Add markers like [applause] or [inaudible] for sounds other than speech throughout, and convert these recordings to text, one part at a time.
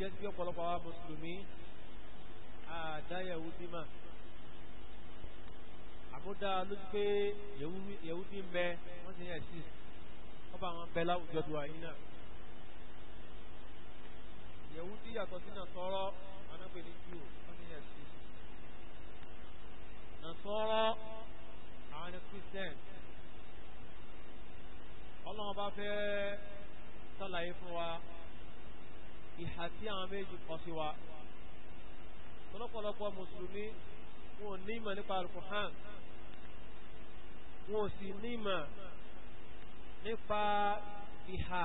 jẹ́ sí ọ̀pọ̀lọpọ̀ àwọn mùsùlùmí àdá yahudi mà àmúdá ló ti pé yahudi ń bẹ wọ́n ti yẹ sí ọba àwọn bẹ láwùjọ tó wáyé náà yahudi yàtọ̀ sí nàtọ́rọ́ anápè ní jù wọ́n ti yẹ sí nàtọ́rọ́ àwọn ẹni christian ọlọ́run bá fẹ́ sàlàyé fún wa ìhà tí àwọn méjì kọ sí wa ọ̀pọ̀lọpọ̀ mùsùlùmí wọn ò ní ìmọ̀ nípa alukuhan wọn ò sì ní ìmọ̀ nípa ìhà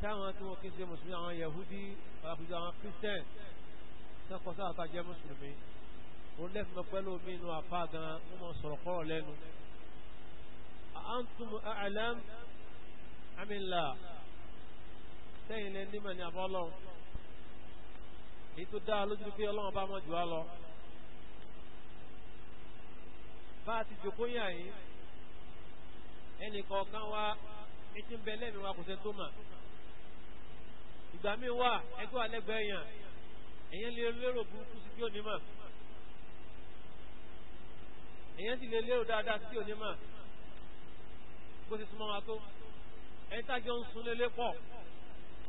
táwọn tí wọ́n kí ṣe mùsùlùmí àwọn yahudi àbújá àwọn christian sẹ́kọ̀ọ́ sáà tá jẹ́ mùsùlùmí òun lẹ́fì mọ́ pẹ́lú omi inú àpá gan wọ́n mọ̀ sọ̀rọ̀ kọ́rọ̀ lẹ́nu. àǹtùmù àlám àmìlà sẹ́yìn lẹ́ nímọ̀ ní àbọ̀ ọlọ́run èyí tó dáa lójú pé ọlọ́run bá mọ̀ jù á lọ bá a ti jòkó yàn yín ẹnì kọ̀ọ̀kan wa etí ń bẹ lẹ́mìí wa kò sẹ́ tó mà ìgbà míì wà ẹgbẹ́ wa lẹ́gbẹ̀ẹ́ yàn èyàn lè lérò burúkú sí tí ò ní mà èyàn sì lè lérò dáadáa sí tí ò ní mà bó ti súnmọ́ wa tó ẹni tájọ ń sun lélẹ́ pọ̀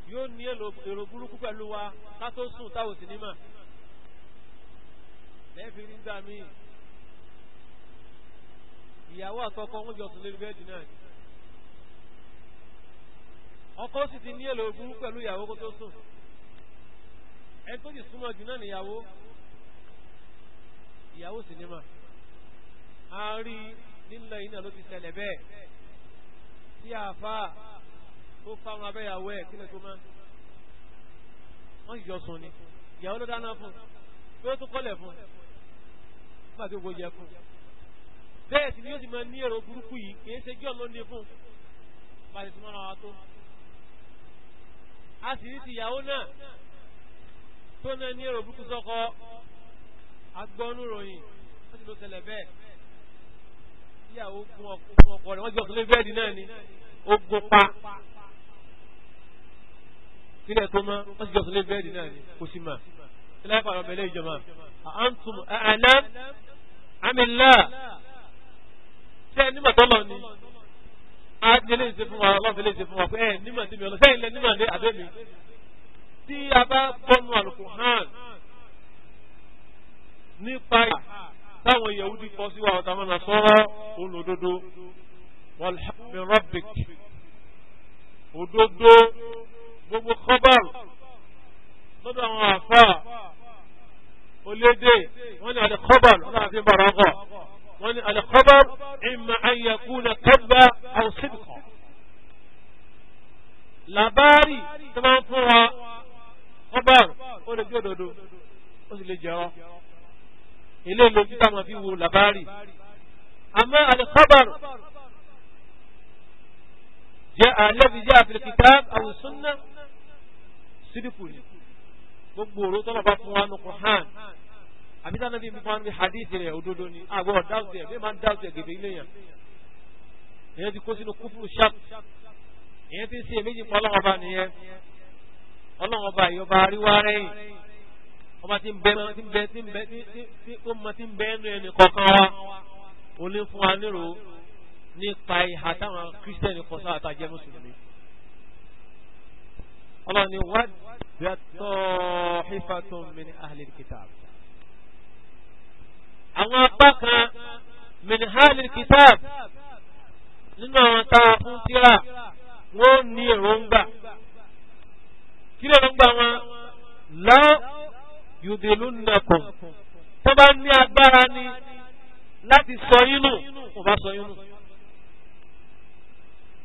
yóò ní èrò burúkú pẹ̀lú wa ká tó sùn táwọn sì ní mà lẹ́ẹ̀fì rí gbà míì ìyàwó àtọkọ wọn jọ sùn lórí bẹ́ẹ̀dì náà ni ọkọ sì ti ní èrò burúkú pẹ̀lú ìyàwó kó tó sùn ẹni tó sì súnmọ́ jù náà níyàwó ìyàwó sì ní a rí nílẹ̀ yìí ló ti ṣẹlẹ̀ bẹ́ẹ̀ tí àáfàá ó fáwọn abẹ́yàwó ẹ̀ kílẹ̀ tó máa wọ́n sì jọ sùn ni ìyàwó ló dáná fún pé ó tún kọ́lẹ̀ fún nígbà tí ó gbọ́ yẹ fún bẹ́ẹ̀ sì ni yóò sì máa ní èrò burúkú yìí kì í ṣe jọ́ ló ní fún bá ti túmọ̀ ra tó a sì ní ti ìyàwó náà tó náà ní èrò burúkú sọ́kọ agbọ́nú ròyìn wọ́n sì ló tẹ̀lẹ̀ bẹ́ẹ̀ ìyàwó gun ọkọ rẹ̀ wọ́n ti lọ sílé bẹ́ẹ̀dì náà ni ó gun pa nílẹ̀ tó mọ́ wọ́n sì jọ́sọ̀ lé bẹ́ẹ̀dì náà ni kò sí mà láìpẹ́ àwọn ọ̀bẹ̀lẹ̀ ìjọba àǹtùm àlẹ́ àmìlá ṣe nímọ̀ tọ́lọ̀ ni a ti lè ṣe fún wa wọ́n fi lè ṣe fún wa pé ẹ̀ nímọ̀ sí mi ọ̀nà sẹ́yìn lẹ nímọ̀ dé àbẹ́ mi tí a bá bọ́nu àlùkò hàn nípa táwọn Yahudi kọ sí wa ọ̀tá mọ́nà sọ́rọ́ olódodo wal haqq òdodo gbogbo kọ́bàr lọ́dọ̀ àwọn àfà olédè wọ́n ní alikọ́bàr lọ́dọ̀ àfi bàrọ́gọ̀ wọ́n ní alikọ́bàr ìmọ̀ àyẹ̀kú na kẹ́bà àwòsíbìkọ̀. làbárì tó máa ń fún wa kọ́bàr ó lè jẹ́ òdodo ó sì lè jẹ́ ọ́ ilé ìlú títà máa fi wo làbárì àmọ́ alikọ́bàr جاء الذي جاء في الكتاب أو السنة sídìkù ni gbogbo ọ̀rọ̀ tọ́lọ̀ bá fún wa ní Qur'an àbí sáà nàbí fún wa ní hadith rẹ̀ òdodo ni àgbọ̀ dáwùtì ẹ̀ bí máa ń dáwùtì ẹ̀ gègé ilé yẹn ìyẹn ti kó sínú kúfúrú ṣáp ìyẹn ti ń ṣe èméjì pa ọlọ́wọ́n ọba nìyẹn ọlọ́wọ́n ọba ìyọba àríwá rẹ̀yìn ọba ti ń bẹ ti ń bẹ ti ń bẹ ti ó mọ ti ń bẹ ẹnu ẹni kọ̀ọ̀kan wa ò ní fún wa nírò nípa ìhà táwọn kírísítẹ́nì kọ sáà tá a jẹ́ mùsùlùmí ọlọ́ni wọ́n yàtọ̀ hifatun min ahlil kitab. àwọn apá kan min ahlil kitab nínú àwọn tá a fún tíra wọ́n ní èròǹgbà kí ló wọn lọ yùdìlú nàkùn tó bá ní agbára ni láti sọ yín kò bá sọ yín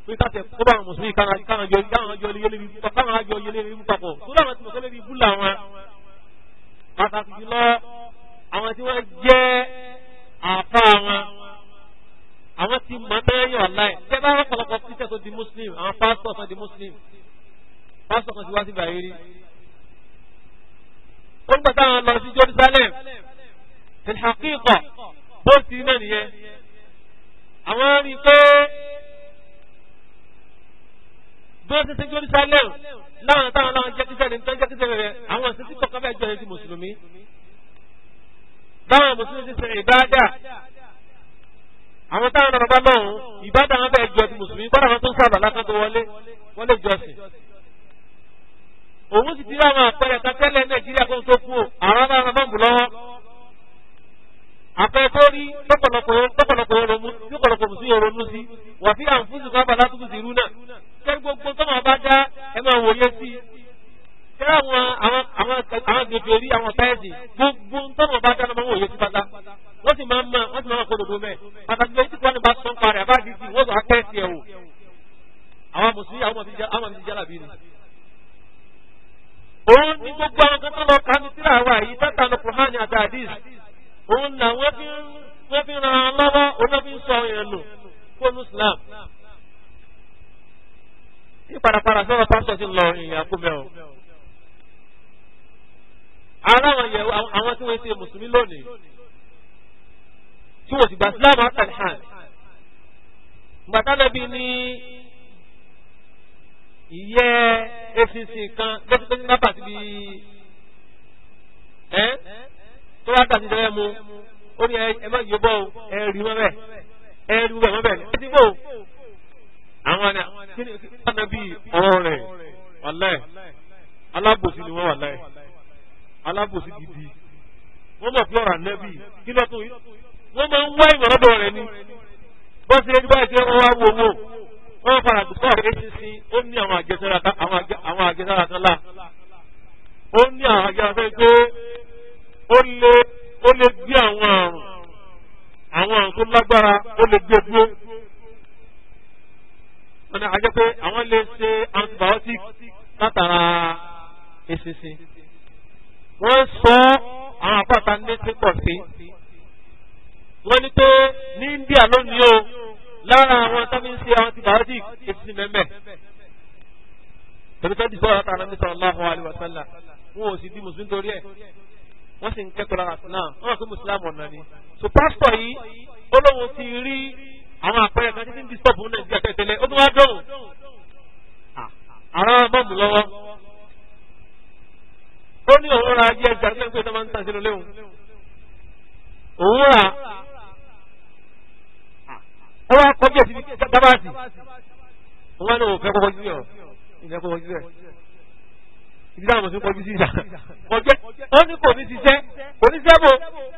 pé káṣẹ kó bá àwọn mùsùlùmí káwọn àjọ yẹlẹ ibi káwọn àjọ yẹlẹ ibi papọ̀ tó láwọn tí mo kẹ́lẹ́ ibi bú làwọn pàtàkì jùlọ àwọn tí wọ́n jẹ́ àfa wọn àwọn tí mọ̀ mẹ́rin ọ̀la ẹ̀ tẹ́ bá wọn pọ̀lọpọ̀ títẹ̀ tó di muslim àwọn pásítọ̀ kan di muslim pásítọ̀ kan ti wá sí bàyẹ̀rí ó ń gbà táwọn lọ sí Jerusalem tẹ̀lé àkíkọ̀ bó ti rí náà nìyẹn àwọn rí pé bí wọ́n ti ṣe jórí sálẹ̀ láwọn táwọn láwọn jẹ́kísẹ́ ni tó ń jẹ́kísẹ́ rẹ̀ àwọn ìṣesí kọ̀ọ̀kan fẹ́ jọ ẹni mùsùlùmí. báwọn mùsùlùmí ti ṣe ìbáadà àwọn táwọn ọ̀rọ̀ bá lọ́hùn ìbáadà wọn fẹ́ jọ ẹni mùsùlùmí kọ́ra wọn tó ń sábà lásán tó wọlé wọlé jọsìn. òun sì ti rí àwọn àpẹẹrẹ kakẹ́lẹ̀ nàìjíríà kó tó kú àwọn ará wọn bọ́ǹbù lọ́wọ́ àpẹẹrẹ tó rí tẹ́lẹ̀ gbogbo tọ́mọ̀ bá dá ẹ máa wòye sí i tẹ́lẹ̀ àwọn àwọn àwọn àwọn gbèbè àwọn sáyẹ́ǹsì gbogbo tọ́mọ̀ bá dá ẹ máa wòye sí pátá wọ́n sì máa ń mọ wọ́n sì máa ń kó dodo pàtàkì lóyún tí wọ́n bá sọ wọ́n sọ ẹ̀ o àwọn mùsùlùmí àwọn ni. òun ni. gbogbo àwọn kan tó lọ kà mí yìí tata ní kùhání àti àdìs òun fi ń ran lọ́wọ́ òun náà fi ní parapara sọ́rọ̀ pásítọ̀ ti lọ ìyìn àkómẹ́ o. ara àwọn yẹ̀wò àwọn tí wọ́n ti mùsùlùmí lónìí tí wọ́n ti gba Islam hasan han gbàtánẹ́bí ní ìyẹ́ efinsin kan lọ́sọ̀tọ́ ní nápà síbi ẹ́ tó wá tà sí ìdẹ́rẹ́ mu ó ní ẹ má yọ bọ́ ẹ rí mọ́ bẹ́ẹ̀ ẹ rí mọ́ bẹ́ẹ̀ ẹ ti bò àwọn àna. Nabi ọ̀rọ̀ rẹ̀ alábòsí ni wọ́n wàláì alábòsí gidi wọ́n mọ̀ pé ọ̀rọ̀ anabi kí lọ́tún yìí wọ́n máa ń wá ìmọ̀ràn rẹ̀ ni bó ṣe bá ṣe ń wá wo wo wọ́n fara dùkọ́ èyí sí ó ní àwọn àjẹsára tán lá ó ní àwọn àjẹsára tán pé ó lè ó lè gbé àwọn àrùn àwọn àrùn tó lágbára ó lè gbé dúró wọ́n ní ajẹ́ pé àwọn lè ṣe antibiotic látara eṣinṣin wọ́n sọ àwọn àpáta ní ti pọ̀ sí wọ́n ní pé ní India lónìí o lára àwọn tábí ń ṣe antibiotic eṣinṣin mẹ́mẹ́ tẹ̀lifẹ́ dìbò àwọn àtàrà níta ọláhùn àlùwàsálà wọn ò sì di mùsùlùmí torí ẹ̀ wọ́n sì ń kẹ́kọ̀ọ́ lára náà wọ́n wà mùsùlùmí ọ̀nà ni so pásítọ̀ yìí ó lóun ti rí àwọn àpẹẹrẹ kan títí ń di stop nàìjíríà tẹ̀tẹ̀lẹ̀ ó tún wá dọ̀rùn ara bọ́ọ̀mù lọ́wọ́ ó ní òun ra ajé ẹja nígbà pé tó máa ń tàn sínú léwu òun rà ó wá kọjú ẹ̀sìn dábàásì òun wá ní òun fẹ́ kọ́kọ́ jú ẹ̀ ìfẹ́ kọ́kọ́ jú ẹ̀ ìdí táwọn mọ̀sí kọjú sí ìdá kọjẹ́ ó ní kò ní ṣiṣẹ́ kò ní ṣẹ́bù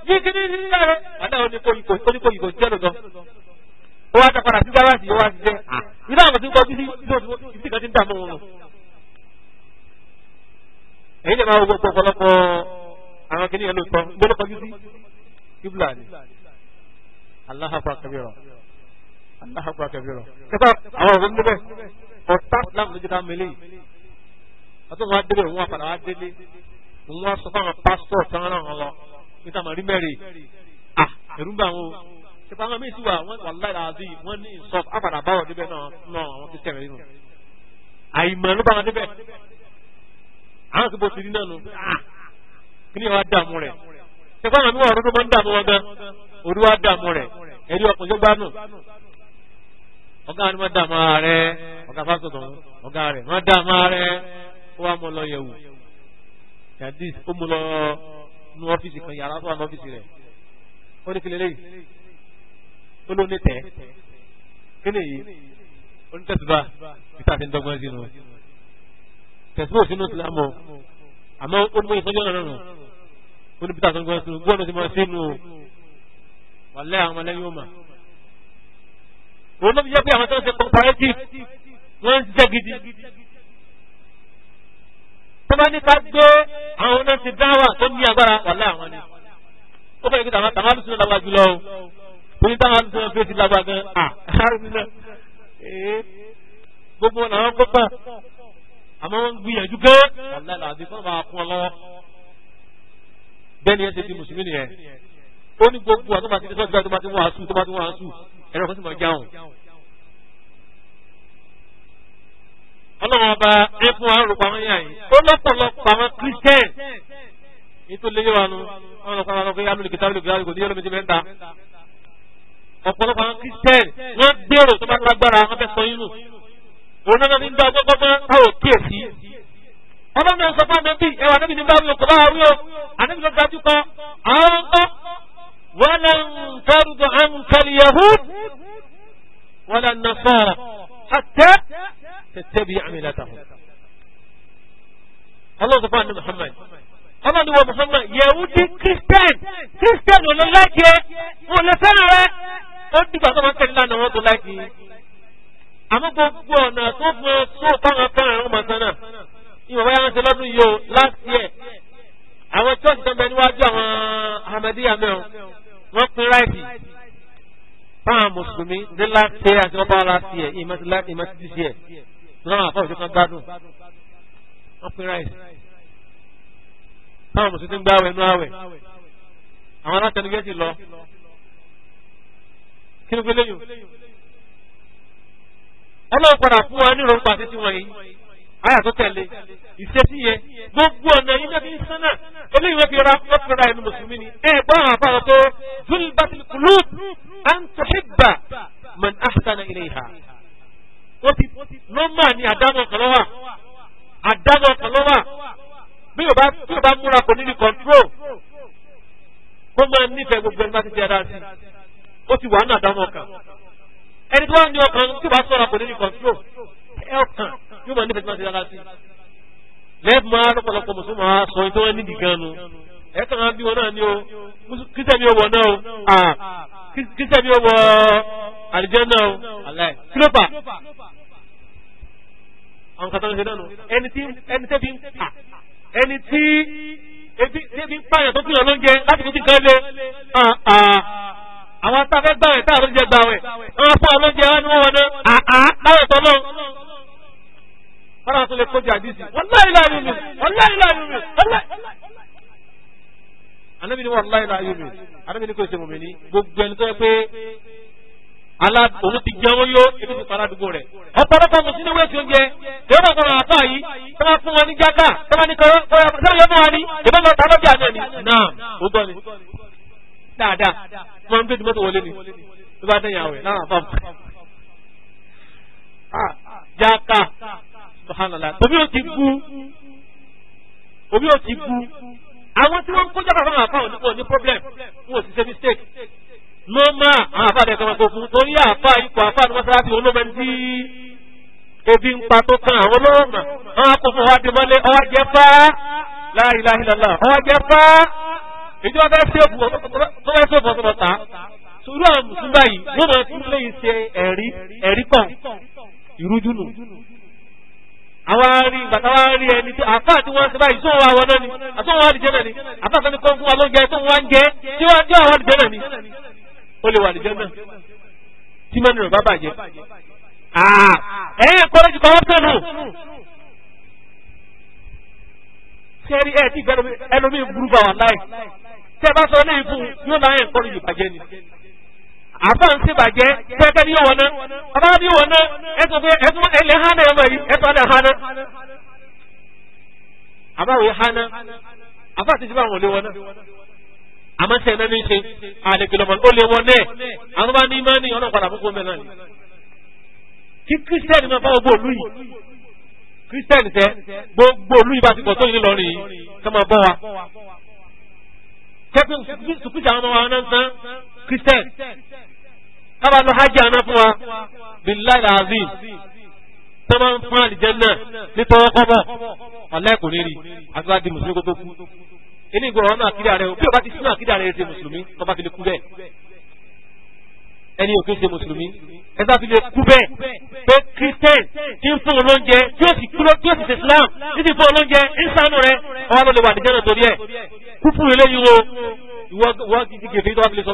yí kí ní ṣiṣẹ́ rẹ̀ àdáwọn oníkòyìkò jẹ́ lọ́dọ̀ ó wá tapadà sí sáwá sí ó wá ṣiṣẹ́ ah, ilé àwọn tó ń kọjú sí ìdí kan ti ń dààmú wọn nù. èyí lè máa wo gbogbo ọ̀pọ̀lọpọ̀ àwọn kìnìyàn ló tọ́ gbọ́dọ̀ kọjú sí kíbla ni Allahu Akbar kabira Allahu Akbar kabira. kẹfà àwọn ọ̀rọ̀ níbẹ̀ ọ̀tá láàmú ló jẹ́ ká mẹ́lẹ̀ yìí àtúntò wa délé òun àpàdà wa délé òun wa sọ fáwọn pásítọ̀ sanwó-án lọ ṣùgbọ́n àwọn míì sì wà wọ́n wà láì láàzí wọ́n ní ìsọ àpàdà báwọ̀ níbẹ̀ náà náà àwọn kristian nínú àìmọ̀ ló bá wọn níbẹ̀ àwọn sì bó ti rí náà nù ah! kí ni wàá dààmú rẹ̀ ṣùgbọ́n àwọn míì wà ọdún tó máa ń dààmú wọn gan orí wàá dààmú rẹ̀ ẹ̀rí ọkùnrin tó gbádùn ọ̀gá ni wọ́n dààmú ara rẹ̀ ọ̀gá fásitì ọ̀gá rẹ̀ wọ́n dààmú ara ó wà mọ́ lọ yẹ̀wò yàtí ó mú lọ nu ọ́fíìsì kan yàrá tó wà ní ọ́fíìsì rẹ̀ ó ní kí ó ló ní tẹ kí ni yìí ó ní tẹsíbà títà tí ń dọ́gbọ́n sí nu tẹsíbà òfin náà ti lámọ àmọ́ ó ní mo ìfọjọ náà nù ó ní títà tó ń gbọ́n sí nu gbọ́dọ̀ ti máa sí nu wàlẹ́ àwọn ọmọlẹ́yìn ó mà òun ló fi jẹ́ pé àwọn tó ń ṣe cooperative wọ́n ń jẹ́ gidi tó bá ní ká gbé àwọn náà ti dáwà tó ní agbára wàlẹ́ àwọn ni ó fẹ́ kí tàmá tàmá lùsùn náà wájú lọ́wọ́ torí táwọn àti sọ́wọ́n fèsì lágbà gan àhárínà ee gbogbo wọn làwọn gbọ́gbà àmọ́ wọ́n ń gbìyànjú gan wàlá làbí kọ́ máa kún ọ lọ́wọ́ bẹ́ẹ̀ ni ẹ ṣe ti mùsùlùmí nìyẹn ó ní gbogbo àti bàtí sọ́ọ̀tì tó bá ti wọ́n àṣù tó bá ti wọ́n àṣù ẹ̀rọ kan sì máa jáwọn. ọlọ́run ọba ẹ fún wa rògbà wọn yàn yìí ó lọ́pọ̀lọpọ̀ àwọn kírísítẹ́n ní kìtàbílì kìtàbílì kò ní yẹlò ọ̀pọ̀lọpọ̀ àwọn kírísítẹ́nì wọ́n gbèrò tó bá lágbára wọn fẹ́ sọ inú òun náà ní gbàgbọ́ gbọ́gbọ́ táwọn kíyèsí ọlọ́run náà sọ fún ànábì ẹwà ànábì ní bá wí òkú bá wí o ànábì ló gbajú kan àwọn ọkọ wọn lọ ń tẹrùdọ àǹkàlì yahud wọn lọ nà sọ̀rọ̀ àtẹ tẹtẹ bí àmì látàkùn ọlọ́run sọ fún ànábì Muhammad ọlọ́run wọ Muhammad yahudi christian christian ò lọ láìpẹ́ wọn lọ fẹ́ràn rẹ ó ń dìgbà tó máa ń tẹ̀lé lánàá wọn tó láìkì àmọ́ gbogbo ọ̀nà tó mọ tó táwọn fẹ́ràn àwọn ọmọ sánà ìwọ̀n báyà wọn ṣe lọ́dún yìí o last year àwọn church tó ń bẹ níwájú àwọn Ahmadiyya mẹ́rin wọ́n pín ráìtì fáwọn mùsùlùmí ní last year àti wọ́n bá last year ìmọ̀tí this year tó náà àkọ́kọ́ ìṣẹ́kan gbádùn wọ́n pín ráìtì fáwọn mùsùlùmí ti ń gbáwẹ̀ nú àwẹ̀ àwọn aláṣẹ ni gẹ́gẹ́ lọ kí ló gbélé yòó ọlọ́run padà fún wa ní ìrọ̀rùn pàṣẹ tí wọ́n yìí àyà tó tẹ̀lé ìṣesí yẹn gbogbo ọ̀nà yìí ló fi ń sánà eléyìí wọ́n fi ra lọ́kùnrin àìní mùsùlùmí ni ẹ gbọ́ àwọn àbáwọ̀ tó zulbatil qulub an tuhibba man ahsana ilayha ó ti nọ́mbà ni àdámọ̀ kan lọ́wà àdámọ̀ kan bí o bá bí o bá múra kò ní ní kọ̀ntró kó máa nífẹ̀ẹ́ gbogbo ẹni bá ti ti ara sí ó ti wà ní àdánù ọkàn ẹni tó wá ní ọkàn tí wàá sọ̀rọ̀ kò ní ní kọ̀ǹtró ẹ ọkàn yóò máa ní fẹ̀tí máa ṣe dáadáa sí. lẹ́ẹ̀bù máa lọ́pọ̀lọpọ̀ mùsùlùmí máa sọ ní tó wọ́n nídìí gan nu ẹ bí wọn náà ní o kírísítẹ́nì ó wọ náà o kírísítẹ́nì ó wọ àlìjẹ́ náà o aláì kílópà àwọn kan tó ń ṣe náà nù ẹni tí ẹni tẹ́ fi ń kà ẹni tí ebi ń pààyàn tó fún yàn lóúnjẹ láti fi ti kan lé àwọn atáfẹ́ gbàwẹ̀ táà ló jẹ gbàwẹ̀ àwọn afọ ọlọ́jẹ wa ni wọ́n wọlé àá láwẹ̀ tọ́lọ́ kọ́nà tó lè kọjá àdìsí wallahi la yu'min wallahi la yu'min anabi ni wallahi la yu'min anabi ni kò ṣe mọ̀mí ni gbogbo ẹni tó yẹ pé ala òun ti jẹun yó ebi ti para àdúgbò rẹ̀ ọ̀pọ̀lọpọ̀ mùsùlùmí wẹ́ẹ̀ tí ó jẹ èyí bá sọ̀rọ̀ àtọ̀ yìí tó bá fún wọn ní jáká tó bá ní kọ́rọ́ sọ̀rọ̀ yọ fún wa ní ìbọn bá tàbí àjẹ ni náà ó gbọ́ ni dáadáa máa ń gbé tìmọ́tò wọlé ni tó bá dẹ̀yìn àwẹ̀ náà fà mú. Ah, jáka subhanallah tòbí ó ti kú òbí ó ti kú àwọn tí wọ́n kó jábà fún àwọn àfáwọn onípò ní problem wọn ò mistake ló má àwọn àfáà tẹ̀sán wọn kò fún torí àfáà ipò àfáà ni wọ́n sábà ti wọn ló máa ń dí ebi ń pa tó kan àwọn lọ́wọ́ mà àwọn akófó wa dé mọ́lé ọwọ́ jẹ́ fá láìláìlọ́lá ọwọ́ jẹ́ fá èyí tí wọ́n fẹ́ sèpù tó fẹ́ sèpù ọ̀sọ̀rọ̀ ta sórí àwọn mùsùlùmí báyìí yóò máa tún lè ṣe ẹ̀rí ẹ̀rí kan ìrújú nù. àwọn arí bàtà wa rí ẹni tí àfa àti wọn ṣe báyìí sóhun àwọn náà ni àtúnwò wa dìjẹ́ náà ni àfa àti kọ́ fún wa lóúnjẹ tó ń wá ń jẹ tí wọ́n jẹ́ àwọn dìjẹ́ náà ni ó lè wà dìjẹ́ náà tí mẹ́rin rẹ̀ bá bàjẹ́. ẹ̀yin kọ́lẹ́jì kan wọ́n tẹ̀lé sẹ́rí ẹ̀ tí ẹlòmíì burú bá wà láì tẹ́ bá sọ lẹ́yìn fún yóò máa ń kọ́ni ìbàjẹ́ ni. àfa ń ṣèbàjẹ́ pẹ́ẹ́kẹ́ ní ìwọ̀n náà ọba ní ìwọ̀n náà ẹ̀sùn pé ẹ̀sùn ẹ̀lẹ́ hánà ẹ̀ mọ̀ yìí ẹ̀sùn ọ̀dà hánà. àbáwò hánà àfa àti ìjọba àwọn olè wọn náà àmọ́ sẹ́yìn náà ní ṣe àdèkìlọ́mọ̀ ó lè wọn náà àwọn bá ní mọ́ni ọ̀nà padà fún gómìnà ni. kí kírísítẹ́nì máa bá gbogbo òlú yìí kírísítẹ́nì tẹ́pẹ́ sùkúùsì àwọn ọmọ wa náà ń san christian kábà lọ hajj àná fún wa billahi azim tó máa ń fún àlìjẹ́nà ní tọwọ́ kọ́bọ̀ ọ̀lẹ́kùn lérí àgbàdì mùsùlùmí kó tó kú. eléyìí gbọ́dọ̀ wọn náà kíri ààrẹ o bí o bá ti sínú àkíri ààrẹ ṣe mùsùlùmí tó bá fi lè kú bẹ́ẹ̀ ẹni òkè ṣe mùsùlùmí ẹ̀dá fi lè kú bẹ́ẹ̀ pé christian ti ń fún olóúnjẹ tí ó sì kúrò tí ó sì ṣe islam tí ti fún olóúnjẹ ìsànú rẹ ọwọ́ ló lè wà nìjẹ́ náà torí ẹ̀ kú fún eléyìí wo ìwọ gidi gèfé tó wá fi lè sọ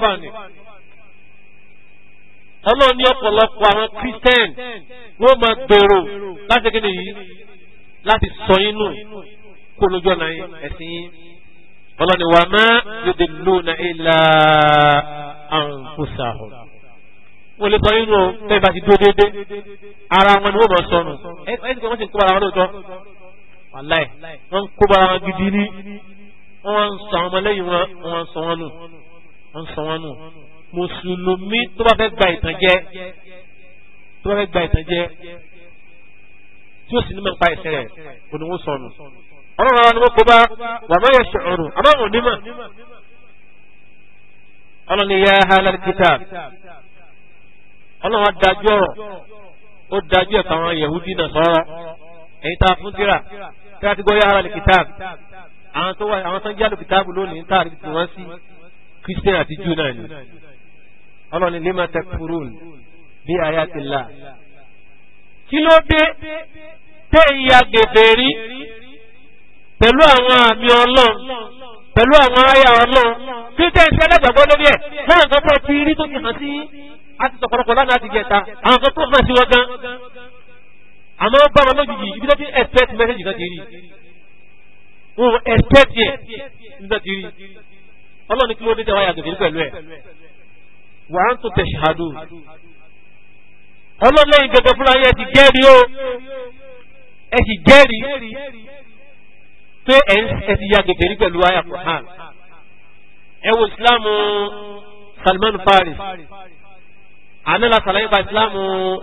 ọlọ́run ní ọ̀pọ̀lọpọ̀ àwọn christian wọ́n máa gbèrò láti kéde yìí láti sọ yín nù kó lójú ọ̀nà ẹ̀sìn yín ọlọ́run ni wàá má yóò dé lónà ìlà àǹfọ̀sàhùn wọ́n lè tọ́ inú o tẹ́ bá ti dúró déédéé ara wọn ni wọ́n mọ̀ sọnù ẹ ẹ nìkan wọ́n ti ń kó bara wọn lóòótọ́ wàláì wọ́n ń kó bara wọn gidi ní wọ́n ń sọ àwọn ọmọlẹ́yìn wọn wọ́n ń sọ wọn nù wọ́n ń sọ wọn nù mùsùlùmí tó bá fẹ́ gba ìtànjẹ tó bá fẹ́ gba ìtànjẹ tí ó sì ní mẹ́pa ẹ̀sẹ̀ rẹ̀ kò ní wọ́n sọnù ọlọ́run ara ni wọ́n kó bá wàmọ́ yẹ sọ̀rọ̀ àmọ́ wọn ò ní mọ̀ ọlọ́ni yá hàlẹ́ ọlọ́run dájú ọ̀rọ̀ ó dájú ẹ̀ka àwọn yahudi náà sọ̀rọ̀ ẹ̀yin tá a fún tíra tíra ti gbọ́ yàrá lè kìtáàb àwọn tó wà àwọn tó ń jálò kìtáàb lónìí tá a ti wọ́n sí kristian àti jù náà ni ọlọ́run lè má tẹkùrún bí àyà ti là kí ló dé tẹ́ ìyá rí pẹ̀lú àwọn àmì ọlọ́run pẹ̀lú àwọn àyà ọlọ́run kí tẹ́ ìṣẹ́ lórí ẹ̀ náà tó ti rí tó ti hàn sí a ti sọ̀pọ̀lọpọ̀ lánàá ti jẹta àwọn kan tó hàn sí wọn gan àmọ́ bá wọn lójijì ibi tó ti expect message náà ti rí wọn expect yẹ ibi tó ti rí ọlọ́run ní kí ló dé tẹ́wọ́ yàtọ̀ sí pẹ̀lú ẹ̀ wà á ń tún tẹ̀ ṣáàdù ọlọ́lẹ́yìn gẹ́gẹ́ fúnra yẹn ti gẹ́rí o ẹ ti gẹ́rí pé ẹ ti ya gẹ̀gẹ̀rí pẹ̀lú àyà Qur'an ẹ wo Islam Salman Faris anala salaye ba islamu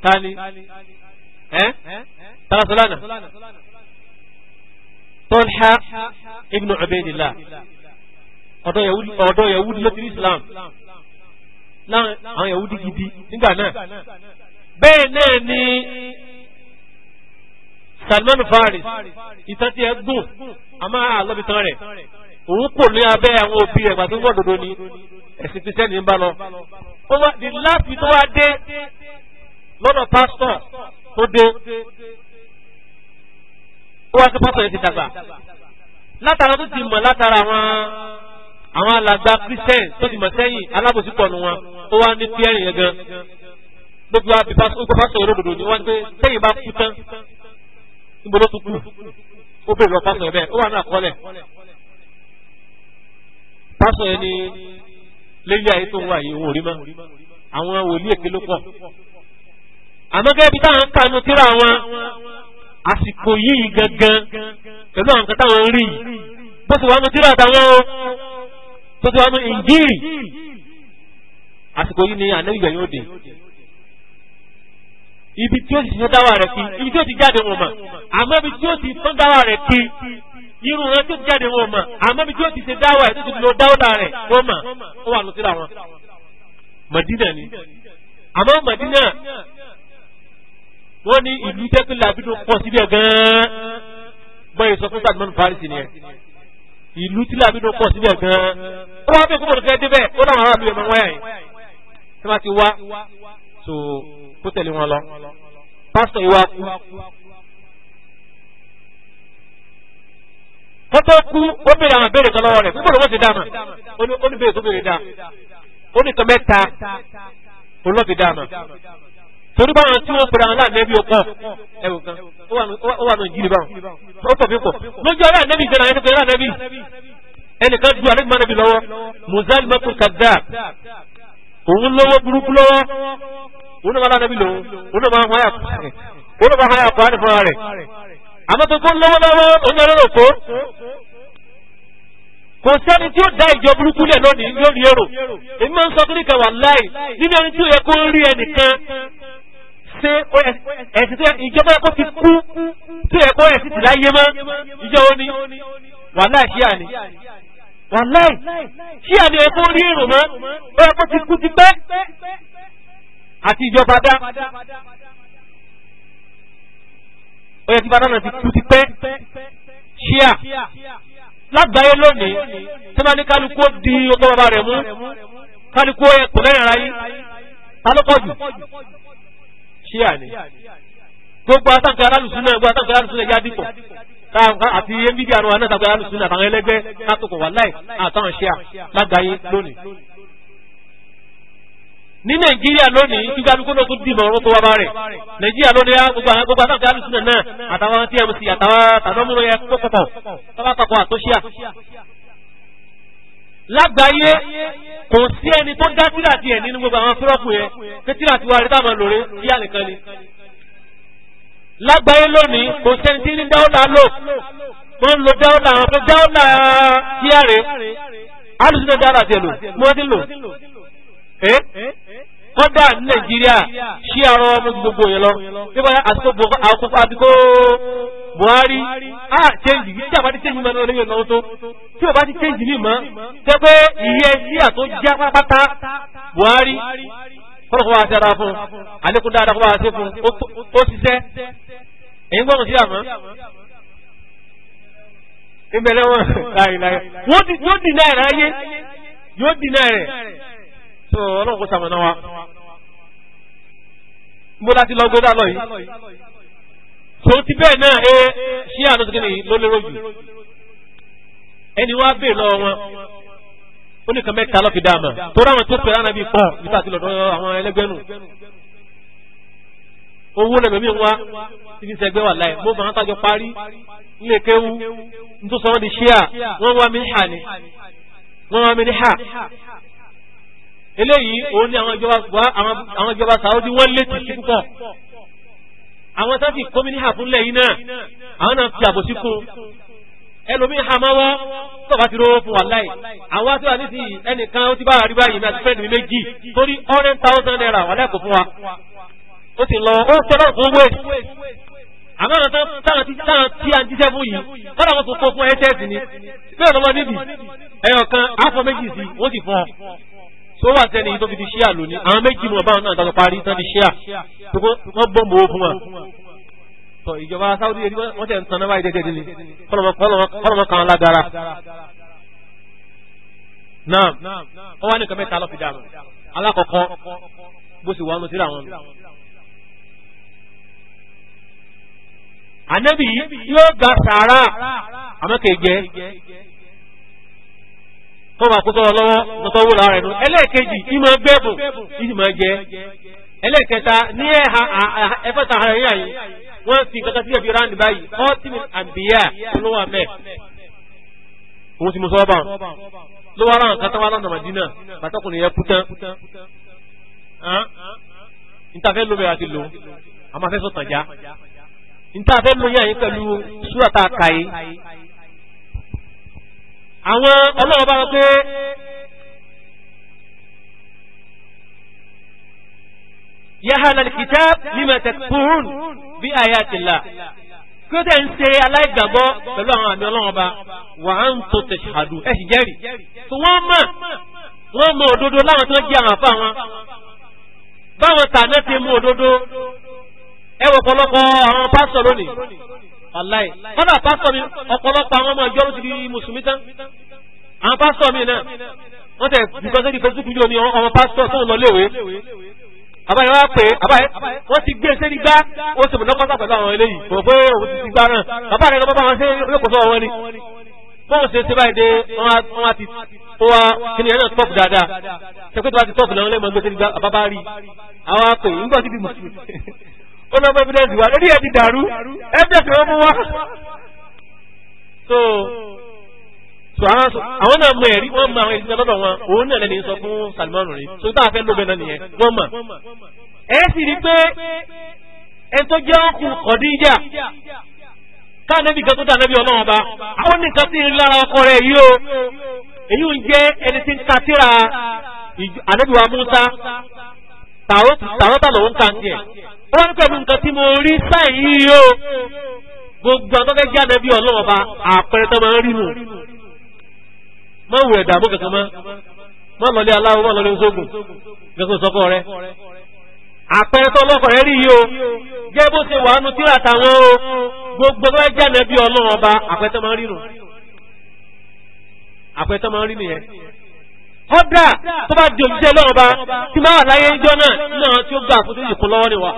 tani eh tala solana Talha ibn Ubaydillah ọ̀dọ̀ yahudi ọ̀dọ̀ yahudi ló ti ní islam láwọn àwọn yahudi gidi nígbà náà bẹ́ẹ̀ náà ni Salman Faris ìtàn tí ẹ gùn àmọ́ àlọ́bìtàn rẹ̀ òun kò ní abẹ́ àwọn òbí rẹ̀ gbàtúngbọ̀dọ̀dọ̀ ni ẹ̀sìn kristiani ń bá the last tó wá dé lọ́dọ̀ pásítọ̀ tó dé ó wá sí pásítọ̀ yẹn ti dàgbà látara tó ti mọ̀ látara àwọn àwọn alàgbà christian tó ti mọ̀ sẹ́yìn alábòsí pọ̀nù wọn ó wá ní fíẹ́rì yẹn gan gbogbo àbí pásítọ̀ yẹn lódodo ni wọ́n pé sẹ́yìn bá kú tán níbo ló tún kù ó bèrè lọ pásítọ̀ yẹn bẹ́ẹ̀ ó wà ní àkọọ́lẹ̀ pásítọ̀ yẹn ni lẹ́yìn ayé tó ń wà yìí òun ò rí mọ́ àwọn wòlíì èké ló pọ̀ àmọ́ gẹ́gẹ́ bí táwọn kànú tíra wọn àsìkò yìí gangan pẹ̀lú àwọn kan táwọn ń rí bó ti wà nù tíra àtàwọn o tó ti wà nù ìjírì àsìkò yìí ni ànábì gbẹ̀yìn òde ibi tí ó ti sọ dáwà rẹ̀ kí ibi tí ó ti jáde wọn mà àmọ́ ibi tí ó ti sọ dáwà rẹ̀ kí irun rẹ tó jáde wọn mọ̀ àmọ́ bí tí ó ti ṣe dáwà ẹ̀ tó ti lọ dáwọ́dà rẹ̀ wọ́n mọ̀ ó wà lọ́sílẹ̀ àwọn Màdínà ni àmọ́ Màdínà wọ́n ní ìlú tẹ́kùn làbínú pọ̀ síbẹ̀ gan-an bọ́ ìsọ fún Salman Paris ni ẹ̀ ìlú tí làbínú pọ̀ síbẹ̀ gan-an ó wá fẹ́ kúmọ̀ nìkan débẹ̀ ó láwọn aráàlú ẹ̀ máa wáyà yìí tí wọ́n ti wá so kó tẹ̀lé wọn lọ pásítọ̀ ìwà kú kó tó kú ó béèrè àwọn béèrè kan lọ́wọ́ rẹ̀ fúnbọ̀lù wọ́n ti dá mà ó ní béèrè tó béèrè dá ó ní kan mẹ́ta òun lọ́ọ́ ti dá mà torí báwọn tí wọ́n pèrè àwọn aláàbẹ̀bí ọkọ̀ ẹ̀wọ̀n kan ó wà nù jírí báwọn ó pọ̀ pípọ̀ lójú aláàbẹ̀bí ìjọba ẹni pẹ̀lú aláàbẹ̀bí ẹnìkan ju alẹ́gbẹ̀mọ́nàbí lọ́wọ́ muzal mọ́tò kàdá òun lọ́wọ́ burúkú lọ́wọ́ òun náà bá aláàbẹ̀bí lòun òun náà bá háyà àmọ́ tó kó lọ́wọ́lọ́wọ́ onírọ́rọ̀ kó kò sẹ́ni tí ó da ìjọ burúkú lẹ̀ lónìí lórí èrò èmi máa ń sọ kí nìkan wà láì nínú ẹni tí ó yẹ kó rí ẹnìkan ṣe ẹ̀sìn tó ìjọba yẹ kó ti kú tó yẹ kó ẹ̀sìn tì mọ́ ìjọ wo ni wà láì ṣíà ni wà láì ṣíà ni ẹ kó rí èrò mọ́ ó yẹ kó ti kú ti pẹ́ àti ìjọba dá ó yẹ kí banana ti kú ti pẹ́ ṣíà lágbàáyé lónìí tí wọ́n ní kálukú di ọgbọ́n bàbá rẹ̀ mú kálukú kò lẹ́yìn ara yín ta ló pọ̀ jù ṣíà ni gbogbo atánká alálùsúnà gbogbo atánká alálùsúnà yá dìpọ̀ àti mbd àrùn àná àtàkùn alálùsúnà àtàwọn ẹlẹgbẹ́ látòkùn wà láì àtàwọn ṣíà lágbàáyé lónìí ní nàìjíríà lónìí tí gbàgbé kóná tó dìbò ọ̀rọ̀ tó wá bá rẹ̀ nàìjíríà lónìí gbogbo àwọn gbogbo àtàkùn alùsùn náà àtàwọn tí a mọ̀ sí àtàwọn tàbí yẹ pọ̀pọ̀pọ̀ tọ́lápapọ̀ àtọ́ṣíà. lágbàáyé kò sí ẹni tó dá tíra tiẹ̀ nínú gbogbo àwọn fúrọ́pù yẹn pé tíra tiwa rẹ̀ táwọn lòrè kí á nìkan ni. lágbàáyé lónìí kò sẹ́ni tí ní dáwọ́dà lò wọ́n lo dáwọ́dà àwọn pé dáwọ́dà kíá kódà ní nàìjíríà ṣí àrọ ọmọ gbogbo yẹn lọ nígbà àsìkò àkókò àbíkó buhari á change yìí tí a bá ti change mìíràn lórí ìnáwó tó tí o bá ti change ní mọ́ tẹ́ pé ìyẹ́ sí àtúnjẹ́ pátápátá buhari fọ́nà kó wá sí ara fún àlékún dáadáa kó wá sí fún o ṣiṣẹ́ èyí gbọ́n sí àmọ́ ìbẹ̀lẹ̀ wọn láìláì wọ́n dì náà rẹ̀ ayé yóò dì náà rẹ̀ ọlọ́run kò sàmọ̀nà wa mo láti lọ gbéra lọ yìí tó ti bẹ́ẹ̀ náà ẹ eh, ṣí àná tuntun yìí ló lérò jù ẹni wá bèèrè lọ́wọ́ wọn ó ní kan mẹ́ta lọ́fi dáa mà tó ráwọn tó pẹ̀lú ànábì pọ̀ nígbà tí lọ́dọ̀ àwọn ẹlẹ́gbẹ́ nù owó lẹ́gbẹ̀ẹ́ mi wá ibi sẹ́gbẹ́ wà láì mo máa ń tàjọ parí nílé kéwú nítorí sọ́wọ́n di ṣíà wọ́n wá mi ní hà ni wọ́n wá mi ní hà eléyìí òun ni àwọn ìjọba Saudi wọ́n létí sí púpọ̀ àwọn tó ti kómi ní àfúnlẹ̀ yìí náà àwọn náà fi àbòsí kún ẹlòmíì hàmáwọ́ tọ́ba ti rówó fún wa láì àwọn àti wà nísìnyí ẹnìkan ó ti bá àrí báyìí ní àti fẹ́ẹ̀nì mi méjì torí hundred thousand naira wà lẹ́kọ̀ọ́ fún wa ó ti lọ ó tọ́lá fún owó àmọ́ àwọn táwọn táwọn tí à ń jíṣẹ́ fún yìí wọ́n làwọn tó kó fún ẹ́tẹ́ẹ̀sì ni bẹ́ẹ̀ lọ́wọ́ níbi ẹ̀yọ̀ kan méjì sí wọ́n sì fún ọ tó wà sẹ́ni yìí tó fi di ṣíà lónìí àwọn méjì mọ̀ báwọn náà tàbí parí tán di ṣíà tó kó wọ́n bọ́ǹbù owó fún wa. tọ ìjọba Saudi ẹni wọ́n tẹ̀ ń tan náà dẹ́dẹ́ ni kọ́lọ́mọ kan lágara. náà wọ́n wá ní nǹkan mẹ́ta lọ́fíìdá mi alákọ̀ọ́kọ́ bó sì wà lóṣèlú àwọn mi. ànábì yóò gba sàárà àmọ́kẹ́ jẹ́ kọ́ máa kó sọ́rọ̀ lọ́wọ́ lọ́tọ́wó lára ẹ̀nu ẹlẹ́ẹ̀kejì ìmọ̀ gbẹ́bùn ìmọ̀ jẹ ẹlẹ́ẹ̀kẹta ní ẹ̀fẹ́ta ara yíyà yìí wọ́n fi nǹkan sí ẹ̀bí ráńdì báyìí ọ́tìmì àbíyà olówó amẹ́ òun ti mú sọ́wọ́ bá wọn ló wá ráhùn kátàwá lọ́nà màdínà bàtọ́kùnrin yẹn kú tán nítafẹ́ ló àti lò àmọ́ afẹ́ sọ̀tàn já nítafẹ́ lóyún àyín pẹ̀lú súràtà kàyé àwọn ọlọ́wọ́ bá wọ́n pé yahal alkitab lima takfurun bi ayatillah kí ó tẹ̀ ń ṣe aláìgbàgbọ́ pẹ̀lú àwọn àmì ọlọ́wọ́ bá wà á ń tó tashhadu ẹ̀ sì jẹ́rìí tó wọ́n mọ̀ wọ́n mọ òdodo láwọn tó jẹ́ àwọn àfa wọn báwọn tàná ti mú òdodo ẹ àwọn pásítọ̀ lónìí wàláì kọ́nà pásítọ̀ mi ọ̀pọ̀lọpọ̀ àwọn ọmọ ìjọ́rú ti di mùsùlùmí tán àwọn pásítọ̀ mi náà wọ́n tẹ̀ bùkọ́ sẹ́ni facebook ní omi ọmọ pásítọ̀ tó ń lọ léwe àbáyé wá pé àbáyé wọ́n ti gbé sẹ́ni gbá ó sì mú lọ́kọ́sà pẹ̀lú àwọn eléyìí kò pé òun ti ti gbá náà bàbá rẹ̀ lọ́pọ̀ àwọn sẹ́ni olókòóso wọn ni bọ́ọ̀ ṣe ṣe báyìí dé wọ́n ti ó wá kíni ẹ̀rọ tọ́pù dáadáa ṣe pé tó bá ti tọ́pù náà lẹ́mọ̀ gbé sẹ́ni gbá àbábá rí àwọn apè ń gbọ́ síbi mùsùlùmí ó lọ́mọ evidence wà lórí ẹ̀ ti dàrú evidence kan mú wá. so so àwọn náà mọ ẹ̀rí wọ́n mọ àwọn ẹ̀rí lọ́dọ̀ wọn òun náà lẹ́ni sọ fún Salman rẹ̀ so tá a fẹ́ lóbẹ̀ náà nìyẹn wọ́n mọ̀ ẹ̀ sì rí pé ẹni jẹ́ òkú Khadija ká kan tó dà nẹ́bí ọlọ́run ba àwọn nìkan sì ń lára ọkọ rẹ̀ yìí o èyí ń jẹ́ ẹni tí ń ka síra ànẹ́bí wa Musa tàwọ́tà lòun kà ń tiẹ̀ wọ́n ní pẹ̀lú nǹkan tí mo rí sáì yìí o gbogbo àtọ́kẹ́ jáde bí ọlọ́wọ́ bá àpẹẹrẹ tó máa ń rí nù mọ́ wù ẹ̀dá mọ́ kankan mọ́ mọ́ lọ́lé aláwọ̀ mọ́ lọ́lé oṣogun gẹ́gẹ́ sọ́kọ rẹ àpẹẹrẹ tó ọlọ́kọ̀ rẹ rí yìí o jẹ́ bó ṣe wà nù tíra tàwọn o gbogbo àtọ́kẹ́ jáde bí ọlọ́wọ́ àpẹẹrẹ tó máa ń rí nù àpẹẹrẹ tó máa ń rí nìyẹn kọ́dà tó bá di òṣìṣẹ́ lọ́wọ́ bá tí máa láyé ń jọ náà náà tí ó gbà fún tó yìí kún lọ́wọ́ níwá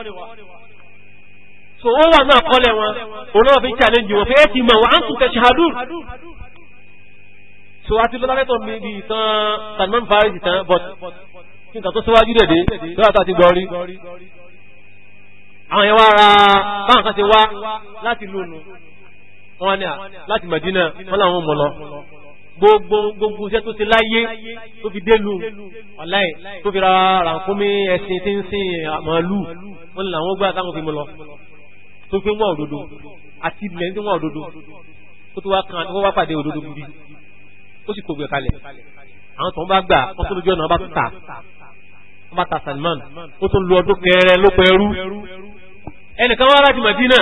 so ó wà náà kọ́lẹ̀ wọn òun náà fi challenge wọn fẹ́ ti mọ̀ wọn á ń tún tẹ̀sí hadul so a ti lọ́lá lẹ́tọ̀ mi bí ìtàn Salman Farisi tán but kí nǹkan tó síwájú dèdè lọ́wọ́ tá a ti gbọ́ rí àwọn ẹ̀wà ara báwọn kan ti wá láti lónìí wọn ni láti Madina wọn làwọn mọ̀ lọ gbogbo gbogbo iṣẹ́ tó ti láyé tó fi délu ọ̀láì tó fi rárá ràǹkúnmí ẹ̀sìn tí ń sin àmàlù wọn làwọn gbà táwọn fi mú lọ tó fi wọn òdodo àti ilẹ̀ tí wọn òdodo tó tó wá kan tó wá pàdé òdodo gidi ó sì kògbè kalẹ̀ àwọn tó ń bá gbà wọn tó lójú ọ̀nà wọn bá tún tà bá ta Salman ó tún lu ọdún kẹrẹ lóko ẹrú ẹnìkan wá láti Madina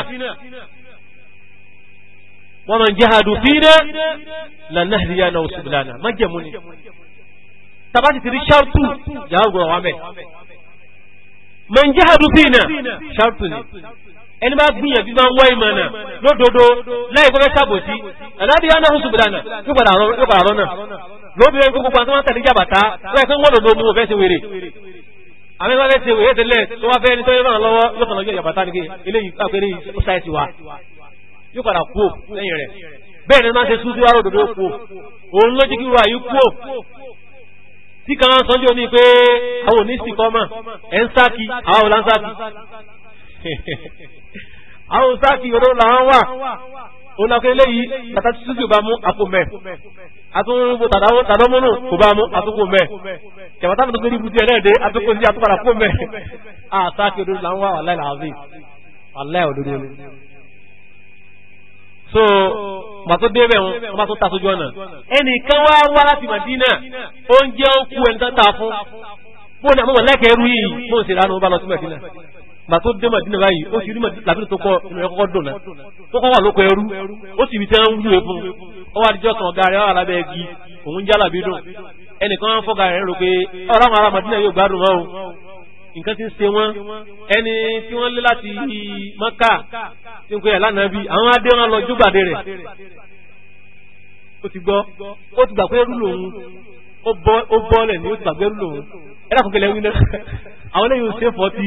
wa man jahadu fina lanahdiyana subulana májẹ̀mú ni tabati ti rí ṣáàtù yàrá gbọ́dọ̀ wà mẹ́ man jahadu fina ṣáàtù ni ẹni bá gbìyànjú máa ń wá ìmọ̀ náà lódodo láì kọ́kẹ́ sàbòsí lanahdiyana subulana yóò padà rọ́ náà lóbìnrin gbogbo àti wọn tẹ̀lé jàbàtá wọ́n ẹ̀kọ́ wọ́n lòdò ní òfẹ́ sí wèrè àmì wọ́n fẹ́ sí wèrè tẹ́lẹ̀ tó wá fẹ́ ní tó yẹ yóò padà kú lẹ́yìn rẹ̀ bẹ́ẹ̀ ni máa ṣe súnjú wárò òdòdó kú òun ló jí kí wà yìí kú tí kan sọ́njú omi pé àwọn òní sì kọ́ mà ẹ̀ ń sáàkì àwọn òlà ń sáàkì [laughs] àwọn sáàkì òdòdó làwọn wà òun náà kéde léyìí tàtà tútù bá mú àpò mẹ́ àtúnwó tàdámúnú kò bá mú àtúnkò mẹ́ tẹ̀wọ́tà tó gbé ibùdó ẹlẹ́ẹ̀dẹ́ àtúnkò sí àtúnkàrà kò mẹ́ àtàkì [laughs] òdòdó làwọn wà wà láì làwọn so ma tó débẹ̀ wọn ma tó ta sójú ọ̀nà ẹnìkan wá wá láti Madina oúnjẹ ó kú ẹnìkan ta fún bóun àmọ́ lẹ́kẹ̀ ẹrú yìí bóun sì ránu bá lọ sí Madina ma tó dé Madina báyìí ó sì rí làbínú tó kọ inú ẹ kọ́kọ́ dùn náà tó kọ́ wà lóko ẹrú ó sì fi tẹ́ ń wúwo fún ọ wá díjọ́ kan ọ̀gá rẹ̀ wà lábẹ́ igi òun já làbí dùn ẹnìkan fọ́gà rẹ̀ rò pé ọ̀rọ̀ nǹkan ti ń ṣe wọ́n ẹni tí wọ́n lé láti Maka tí ń pè é lánàbí àwọn adé wọn lọ júbàdé rẹ̀ ó ti gbọ́ ó ti gbà pé ẹrú lòun ó bọ́ọ̀lẹ̀ ni ó ti gbàgbé ẹrú lòun ẹ̀rọ àkọkẹ́lẹ̀ wí náà àwọn eléyìí ò ṣe fọ́tí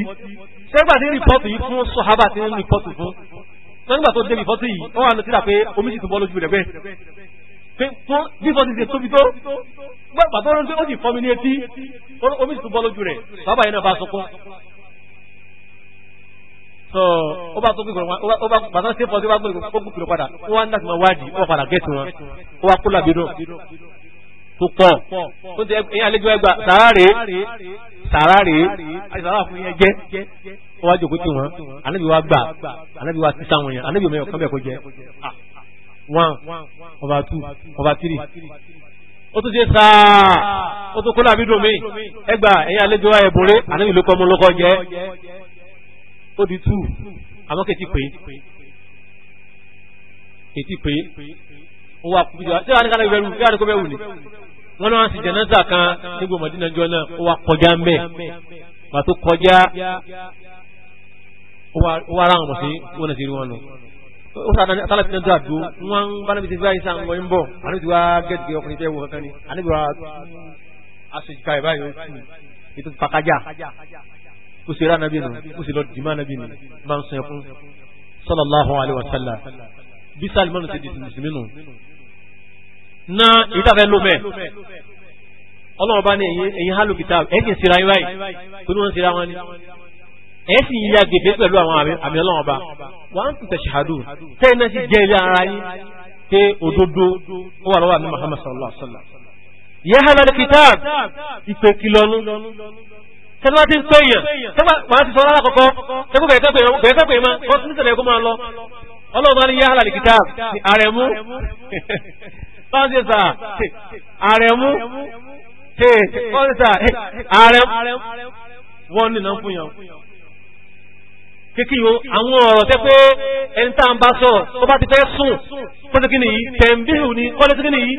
sẹ́gbà tí rìpọ́tù yìí fún sọ̀hábà tí ń rìpọ́tù fún sẹ́gbà tó dé rìpọ́tù yìí ó wà ní síra pé omi sì tún bọ́ lójú rẹ̀ bẹ́ẹ̀ pé fún bí fọ́tù ṣe tóbi tó gbàgbà tó rọ́n pé ó sì fọ́ mi ní etí omi sì tún bọ́ lójú rẹ̀ sábà yẹn náà bá sọkún so ó bá tó gbé ìgbọ̀nà ó bá bàtà sí fọ́ọ̀sì ó bá gbé ìgbọ̀nà padà ó wá ń dàtí máa wádìí ó padà gẹ̀ẹ́sì wọn ó wá kó làbí náà tó pọ̀ ó ti ẹ̀yìn àlejò ẹgbà sàárè sàárè àti sàárà fún yẹn jẹ́ ó wá jòkó tí wọn anábì wa gbà anábì wa ti sáwọn yẹn anábì omi ọ̀kan bẹ̀ kó jẹ ah. one over two over three ó tún ṣe sáà ó tún kó làbí dùn mí ẹgbà ẹ̀yìn àlejò ẹ̀bùnrin anábì ló kọ́ mú lókọ́ jẹ́ ó di tú àmọ́ kì í ti pè é kì í ti pè é ó wà kúbi jọ ṣé kálẹ̀ bẹ́ẹ̀ bí wàá ní ni wọ́n náà sì jẹ̀nẹ́sà kan nígbà mọ̀dínà jọ náà ó wà kọjá ń bẹ̀ wà tó kọjá ó wà ara àwọn mọ̀sí wọn náà ti rí wọn nù ó sá sálà tí nàdúrà dúró wọn ń bá níbi tí báyìí sá ń ń bọ̀ àníbi tí wàá gẹ̀ẹ́dì ọkùnrin tẹ́ wọ kankan ni àníbi wàá aṣèjìká bó ṣe rá anabi nù bó ṣe lọ dìímọ̀ anabi nù máa ń sọ ẹkún sallallahu alayhi wa sallam bí salimanu ṣe di mùsùlùmí nù. na ìdáfẹ́ ló mẹ́ ọlọ́run bá ní ẹ̀yin hálù kìtà ẹ̀ kì í ṣe ra yín báyìí tó ní wọ́n ń ṣe ra wọn ni ẹ̀ sì yíya gègé pẹ̀lú àwọn àmì ọlọ́run ọba wọ́n ti tẹ̀ ṣàdù tẹ́yìn náà sì jẹ́ ilé ara yín pé òdodo ó wà lọ́wọ́ àmì sallallahu alayhi wa sallam yẹ́hálà kìtà ìpè kìlọ́nù tẹ́lá ti ń tó èèyàn tẹ́lá wàá ti sọ lára kọ̀kọ́ tẹ́kọ̀ bẹ̀ẹ́kẹ́ pè mọ́ wọ́n ti ń tẹ̀lé ẹ̀kọ́ máa lọ ọlọ́run máa ń yá àlàlì kìtà àrẹ̀mú báwọn ṣe sà àrẹ̀mú wọ́n ṣe sà àrẹ̀mú wọ́n nìna fún yàn kékeré àwọn ọ̀rọ̀ tẹ́ pé ẹni tá à ń bá sọ̀rọ̀ tó bá ti fẹ́ sùn kọ́sẹ́kí nìyí tẹ̀m̀bíhù ni kọ́sẹ́kí nìyí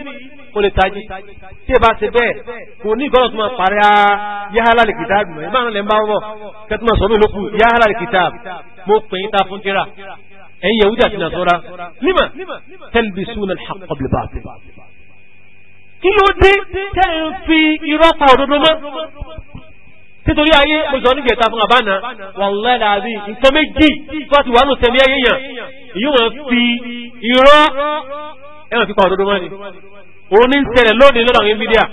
ó lè tají tí ẹ bá ṣe bẹ́ẹ̀ kò ní ìgbọ́nà tó máa parí a ah, yáhálà lè kìtà àbùmọ̀ ẹ máa ń lẹ́ ń bá wọ̀ kẹ́tù máa sọ mí lókù yáhálà lè kìtà mo pè é ta fún tíra ẹ̀yin yahudi àti nasọ́ra lima talbisuna al-haqqa bil-batil kí ló dé tẹ́ ń fi irọ́ pa òdodo mọ́ títorí ayé mọ̀sán ní gẹ̀ẹ́ta fún àbána wallahi láàrí nǹkan méjì fọ́tí wà ní tẹ̀mí ayé yàn yíò wọ́n fi irọ́ ẹ̀wọ̀n fi pa òdodo mọ́ ni òun ní ń ṣẹlẹ̀ lónìí lọ́dọ̀ àwọn nvidia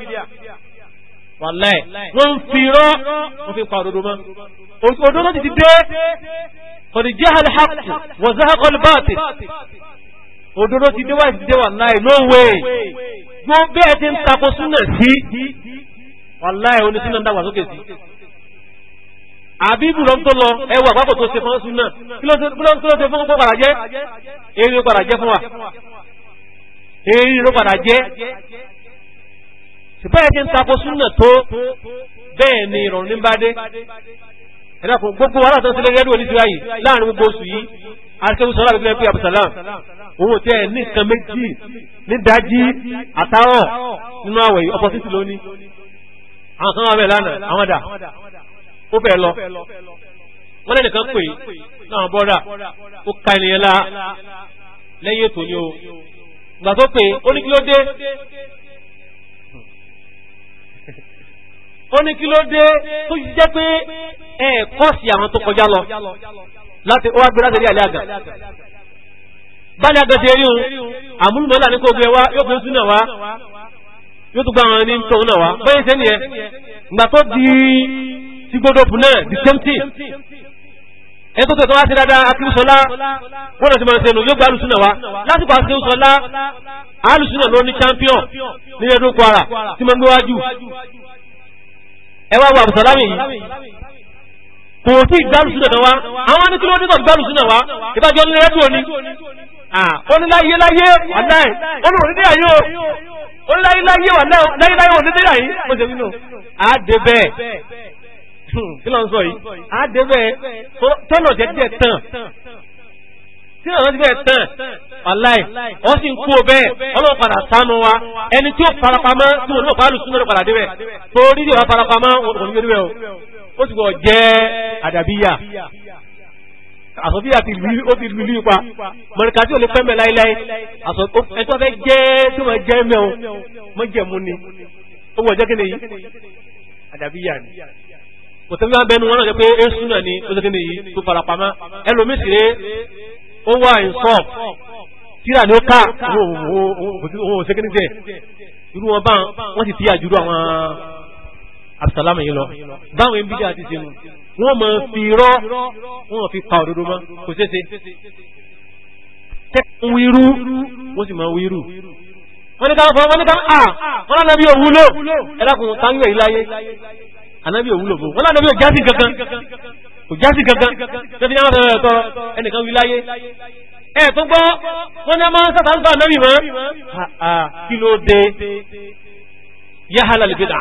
wàláì wọ́n ń fi irọ́ wọ́n fi pa òdodo mọ́ òdodo náà ti ti dé kọ̀dí jahal haqq wa zahaqal batil òdodo ti dé wá ti dé wàláì no way gbọ́n bẹ́ẹ̀ ti ń takò súnà sí wàláì òun súnà ń dàgbà sókè sí àbíbù lọ tó lọ ẹwà àpapọ̀ tó ṣe fún súnà kí ló ń tó ṣe fún kó padà jẹ́ èrè padà jẹ́ fún wa èyí ló padà jẹ́ ṣùgbọ́n ẹ̀ ti ń tako súnà tó bẹ́ẹ̀ ni ìrọ̀rùn ní bá dé ẹ̀dá kò gbogbo wàhálà tó ń sílẹ̀ rẹ́díò ní síwáyì láàrin gbogbo oṣù yìí àṣẹwù sọ́lá àbí fẹ́ẹ́ pé abdulsalam òun tẹ́ ẹ̀ ní nǹkan méjì ní dájí àtàrọ̀ nínú àwẹ̀ yìí ọ̀pọ̀ sísì lónìí àwọn kan wà bẹ́ẹ̀ lánàá àwọn dà ó bẹ́ẹ̀ lọ wọ́n lẹ́nìkan pè náà bọ́dà ó ka ènìyàn la lẹ́yìn ètò ni o ìgbà tó pè ó ní kí ló dé ó ní kí ló dé tó jẹ́ pé ẹ̀ kọ́ọ̀sì àwọn tó kọjá lọ láti ó wá gbé láti rí àlẹ́ àgà báyìí àgà ti rí òun àmúlùmọ́lá ní kó gbé wá yóò fún súnà wá yóò tún gba àwọn ẹni tó ń nà wá bóyá ìṣẹ́ nìyẹn ìgbà tó di ti gbódò bù náà the same thing ẹni tó tẹ̀ tó wá sí dáadáa akíwúsọlá wọ́n lọ sí máa ń sẹ́nu yóò gba alùsùnà wa lásìkò akíwúsọlá alùsùnà ló ní champion ní ẹdún Kwara tí mo ń gbé wájú ẹ wá wo àbùsọ̀lámì yìí kò sí ìgbàlùsùnà náà wa àwọn ní kí ló dé tó ìgbàlùsùnà wa ìbájọ́ ní rẹ́díò ni oníláyé láyé wà láì olùwòdídé àyè o oníláyé láyé wà láì láyé wà nídé àyè ó ṣe nínú àdébẹ́ẹ̀ Hmm, kí ló ń sọ yìí á débẹ̀ tọ́nà jẹ́jẹ́ tán tí àwọn ti bẹ́ẹ̀ tán aláì wọ́n sì ń kú o bẹ́ẹ̀ ọlọ́run padà sánú wa ẹni tí ó farapamọ́ tí wọn ní òpá lù súnmọ́ padà débẹ̀ torí ìwà farapamọ́ òun ní débẹ̀ o ó sì gbọ́ jẹ́ àdàbíyà àsọ̀bíyà ti lu ìlú ipa mọ̀rìkà tí ò lè pẹ́mẹ̀ láíláí ẹ̀tọ́ fẹ́ jẹ́ tí wọ́n jẹ́ mẹ́wọ́n mọ́jẹ̀mú ni ó wọ̀ jẹ́ kí ni àdàbíyà ni òtẹ́bí máa bẹnu wọn náà jẹ́ pé èsù náà ni ó jẹ́ kíni yìí tó farapamọ́ ẹlòmísìrè ó wà ń sọ tíra ni ó ká òun ò ṣe kíni jẹ irú wọn báwọn wọn sì ti àjùrú àwọn abisalamu yìí lọ báwọn ẹbí jà ti ṣe nu wọn máa fi rọ wọn máa fi pa òdodo mọ́ kò ṣeé ṣe tẹ́kun wíru wọ́n sì máa wíru wọ́n ní ká wọ́n ní ká à wọ́n lọ́nà bí òwúlò ẹ̀dá kùn táńgbẹ̀ yìí láyé anábì òun lò fún wọn lánàbí ò jásí kankan kò jásí kankan tẹ́bí náà tọrọ ẹ̀tọ́ ẹnìkan wí láyé ẹ̀ tó gbọ́ wọ́n ní a máa ń sàtà ń sọ anábì mọ́ kí ló dé yahala libida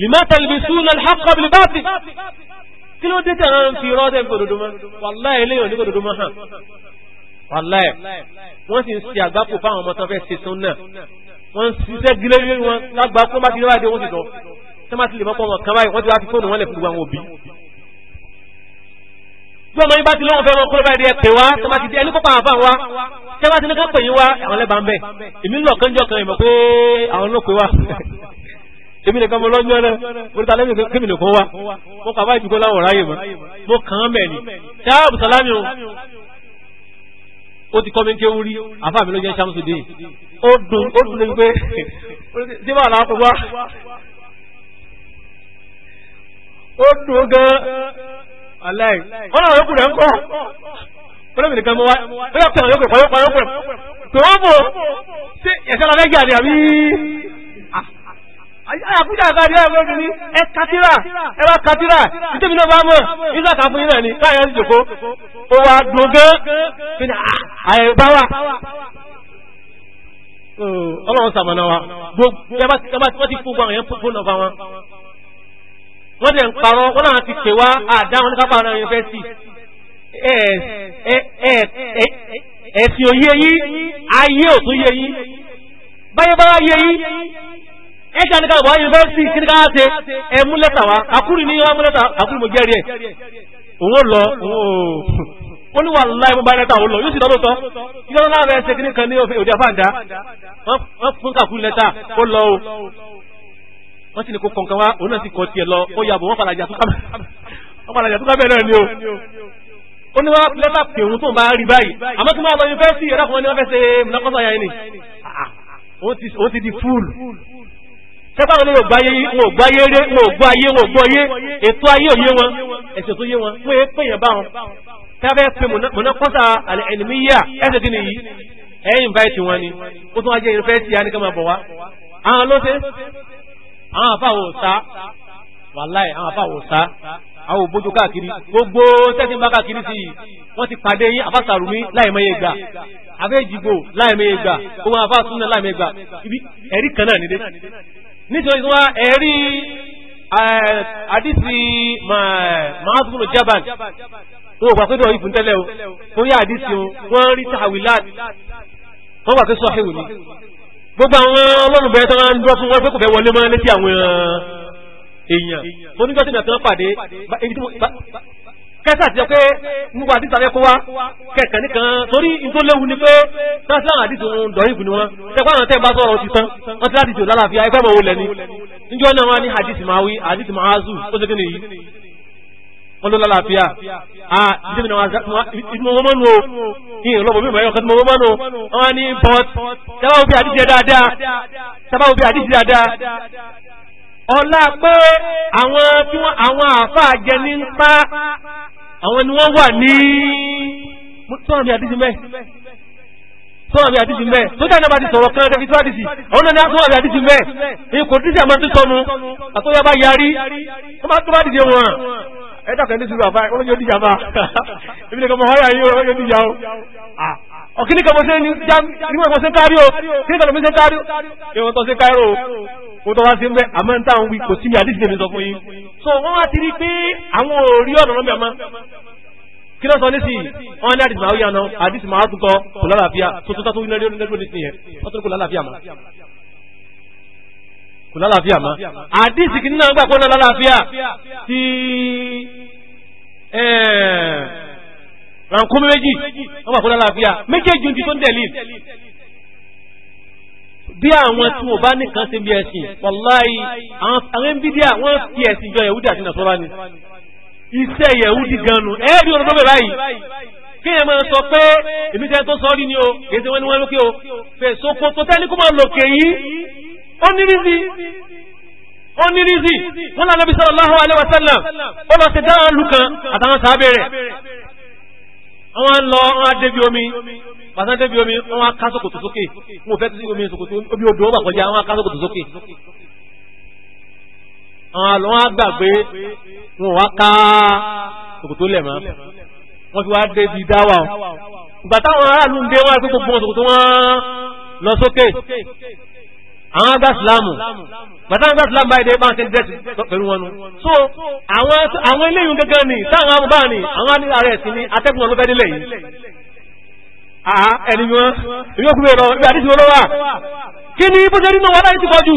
lima talbisuna alhaqqa bil batil kí ló dé tẹ̀ náà fi rọ́ọ̀dẹ̀ kò dodo mọ́ wàláyé léyìn oníkò dodo mọ́ hàn wàláyé wọ́n sì ń ṣe àgbákò fáwọn ọmọ tán fẹ́ ṣe sún náà wọ́n ń ṣiṣẹ́ gílé tí wọ́n ti lè mọ́pọ̀ wọn kan báyìí wọ́n ti wá fi fóònù wọn lè fún gbogbo àwọn òbí. bí ọmọ yín bá ti lọ́wọ́ fẹ́ wọn kúrò báyìí ẹ pè wá tí wọ́n ti di ẹni kópa àfa wa tí wọ́n ti ní ká pè yín wá àwọn lẹ́bàá ń bẹ̀. èmi ń lọ kánjọ kan ìmọ̀ pé àwọn ló pè wá. èmi nìkan mo lọ́jọ́ rẹ mo ta lẹ́yìn kí mi lè kún wa mo kà báyìí dùgbò láwọn ráyè mo kàn án mẹ́ni o ó ti kọ́ mi ń ké wúrí àfa mi ló jẹ́ ṣàmùsùn dé ó dùn ó dùn ní pé [laughs] ṣé bá àlàáfíà ó dùn gan aláì wọn náà yókù rẹ ń kọ fúnlẹ̀ mìíràn kan mọ́ wá fúnlẹ̀ kan yókù rẹ pọ̀ yókù rẹ tó wọ́n bò ṣé ẹ̀sẹ̀ la fẹ́ àdé àbí àyàkújà àgbàdì ẹ̀rọ ìlú ní ẹ katira ẹ bá katira nítorí náà bá mọ̀ nígbà kan fún yín náà ni káyọ̀ ń jòkó ó wá dùn gan kí ni ah, àyè bá wà ọlọ́run sàmọ̀nà wa gbogbo ẹ bá ti fún gbọ́n yẹn fún nọ́mbà wọn wọ́n tẹ̀ ń parọ́ wọ́n náà ti pè wá àdáwọn oníkápá ọ̀nà yunifásitì ẹ̀sìn òye yí ayé ò tó yé yí báyé bá wá yé yí ẹ̀ka ní káàbọ̀ yunifásitì kí ní ká ṣe ẹ̀ mú lẹ́tà wá kakúrì ní wá mú lẹ́tà kakúrì mo jẹ́rìí ẹ̀ òun lọ ó ní wà láì mú bá lẹ́tà òun lọ yóò sì lọ́dọ̀ tọ́ ìjọba náà bẹ̀rẹ̀ ṣe kí ní kan ní òde àfáàdá wọ́n fún kakúrì lẹ́tà ó lọ o wọ́n sì ní kó kọ̀ǹkan wá òun náà sì kọ́ tiẹ̀ lọ ó yàbọ̀ wọ́n falajà tó kábẹ̀ náà ni o ó ní wọ́n lẹ́fà pé òun tó ń bá rí báyìí àmọ́ tó máa lọ yunifásitì ẹ̀rọ kan ní wọ́n fẹ́ ṣe mùnàkọ́sọ yẹn ni òun ti di fúlù sẹ́pàá wọn ò gbáyé wọn ò gbáyé ré wọn ò gbáyé wọn ò gbọ́yé ètò ayé òye wọn ẹ̀sẹ̀ tó yé ẹ̀yìn báyìí tí wọ́n ni ó tún wá jẹ́ yunifásitì yá ní ká máa bọ̀ wá àwọn ló ṣe àwọn àfàwò sá wàláì àwọn àfàwò sá àwọn òbójú káàkiri gbogbo tẹ́sìn bá káàkiri sí wọ́n ti pàdé yín àbáṣàrùmí láìmọye gbà àbẹ́jìgbò láìmọye gbà ohun àbáṣúná láìmọye gbà ibi ẹ̀rí kan náà nílé nítorí wọn ẹ̀rí àdìsí mahamudu jaban wọn ò gbà pé dọ̀ ìfún tẹ́lẹ̀ o torí àdìsí wọn rí tàwílá wọn gbà pé sọ́hìn òní gbogbo àwọn ọlọ́run bẹ̀rẹ̀ tó máa ń dúró fún wọn pé kò fẹ́ wọlé máa létí àwọn èèyàn mo níjọ́ tí nàkan pàdé kẹsà ti jẹ pé nígbà àdìsí abẹ́ kó wá kẹ̀kẹ́ nìkan torí nítorí léwu ni pé national àdìsí òun dọ̀yìn ìbùnú wọn tẹ́gbọ́n àwọn tẹ́gbà sọ̀rọ̀ ti tán wọ́n ti ni wọ́n ló lálàáfíà ah ìdíbi náà ìdíwọ́n mọ́nu o ní ìrọ̀lọ́bọ̀ mímọ̀ ẹ̀yọ́ kan tí mo mọ́nu o wọ́n ní but sábàwò bí àdíjẹ dáadáa sábàwò bí àdíjẹ dáadáa ọ̀la pé àwọn tí wọ́n àwọn àáfàá jẹ ní ń pa àwọn ni wọ́n wà ní sọ́nà bí àdíjẹ mẹ́ sọ́nà bí àdíjẹ mẹ́ tó dáná bá ti sọ̀rọ̀ kan tẹ́fi tó àdíjì àwọn náà ní sọ́nà bí àdíjẹ mẹ́ ní kò díjì àmọ́ tó sọnu àtọ́yọ́ bá yarí ẹ dákẹ́ ní sùúrù àbá ọlọ́jọ́ díjà bá ibi nìkan mọ̀ wáyà yìí ọlọ́jọ́ díjà o ọ̀kíní kan mo ṣe ní níwọ̀n mo ṣe kárí o kíní kan mo ṣe kárí o ìwọ̀n tó ṣe kárí o mo tọ́ wá sí mbẹ́ àmọ́ ń táwọn wí kò sí ní so wọ́n wá ti rí pé àwọn ò rí ọ̀nà lọ́mọ ẹ̀mọ́ kí ló sọ nísìnyí wọn ní àdìsí màá yànnà àdìsí màá tún kọ kò lálàáfíà tuntun tó tún ní lórí lórí nísìnyí kò lálàáfíà mọ́ àdísì kìíní náà gbà kó náà lálàáfíà tí rànkómi méjì wọ́n gbà kó lálàáfíà méjèèjì ti tó ń tẹ̀lé bí àwọn tí wọ́n bá nìkan ṣe bí ẹ̀sìn wàláì àwọn bídíà wọ́n fi ẹ̀sìn jọ yẹ̀wúdì àti nàṣọ́rá ni iṣẹ́ yẹ̀wúdì ganu ẹ̀ẹ́dì ọ̀rọ̀ tó bẹ̀ báyìí kéèyàn máa sọ pé èmi tẹ́ tó sọ rí ni o kèsì wọn ni wọ́n lókè o fèsòkò tó tẹ́lẹ̀ kó máa lòkè yìí ó ní rízi ó ní rízi wọn náà Nabi sallallahu alaihi wasallam ó lọ sí dáhà lù kan àtàwọn sábẹ́ rẹ̀ wọ́n lọ wọ́n débi omi pàṣẹ débi omi wọ́n ká sókòtò sókè wọ́n fẹ́ tí omi sókòtò omi odò wọ́n bà kọjá wọ́n ká sókòtò sókè àwọn àlọ́ wọn gbàgbé wọn wá ká sókòtò lẹ̀ mọ́ wọ́n fi wá débi dáwà o ìgbà táwọn aráàlú ń dé wọ́n á pé gbogbo wọn sókòtò lọ sókè àwọn agbá ìsìláàmù bàtà agbá ìsìláàmù báyìí bá ń ṣe dẹ́sì pẹ̀lú wọn so àwọn eléyìí gẹ́gẹ́ ni táwọn amúbá ni àwọn ní ààrẹ ẹ̀sìn ni atẹ́gùn ọlọ́fẹ́ nílẹ̀ yìí ẹni wọn yóò kú bẹ́ẹ̀ lọ ibi àdísì wọn wà kí ni bó ṣe rí mọ́ wọn láyé ti kọjú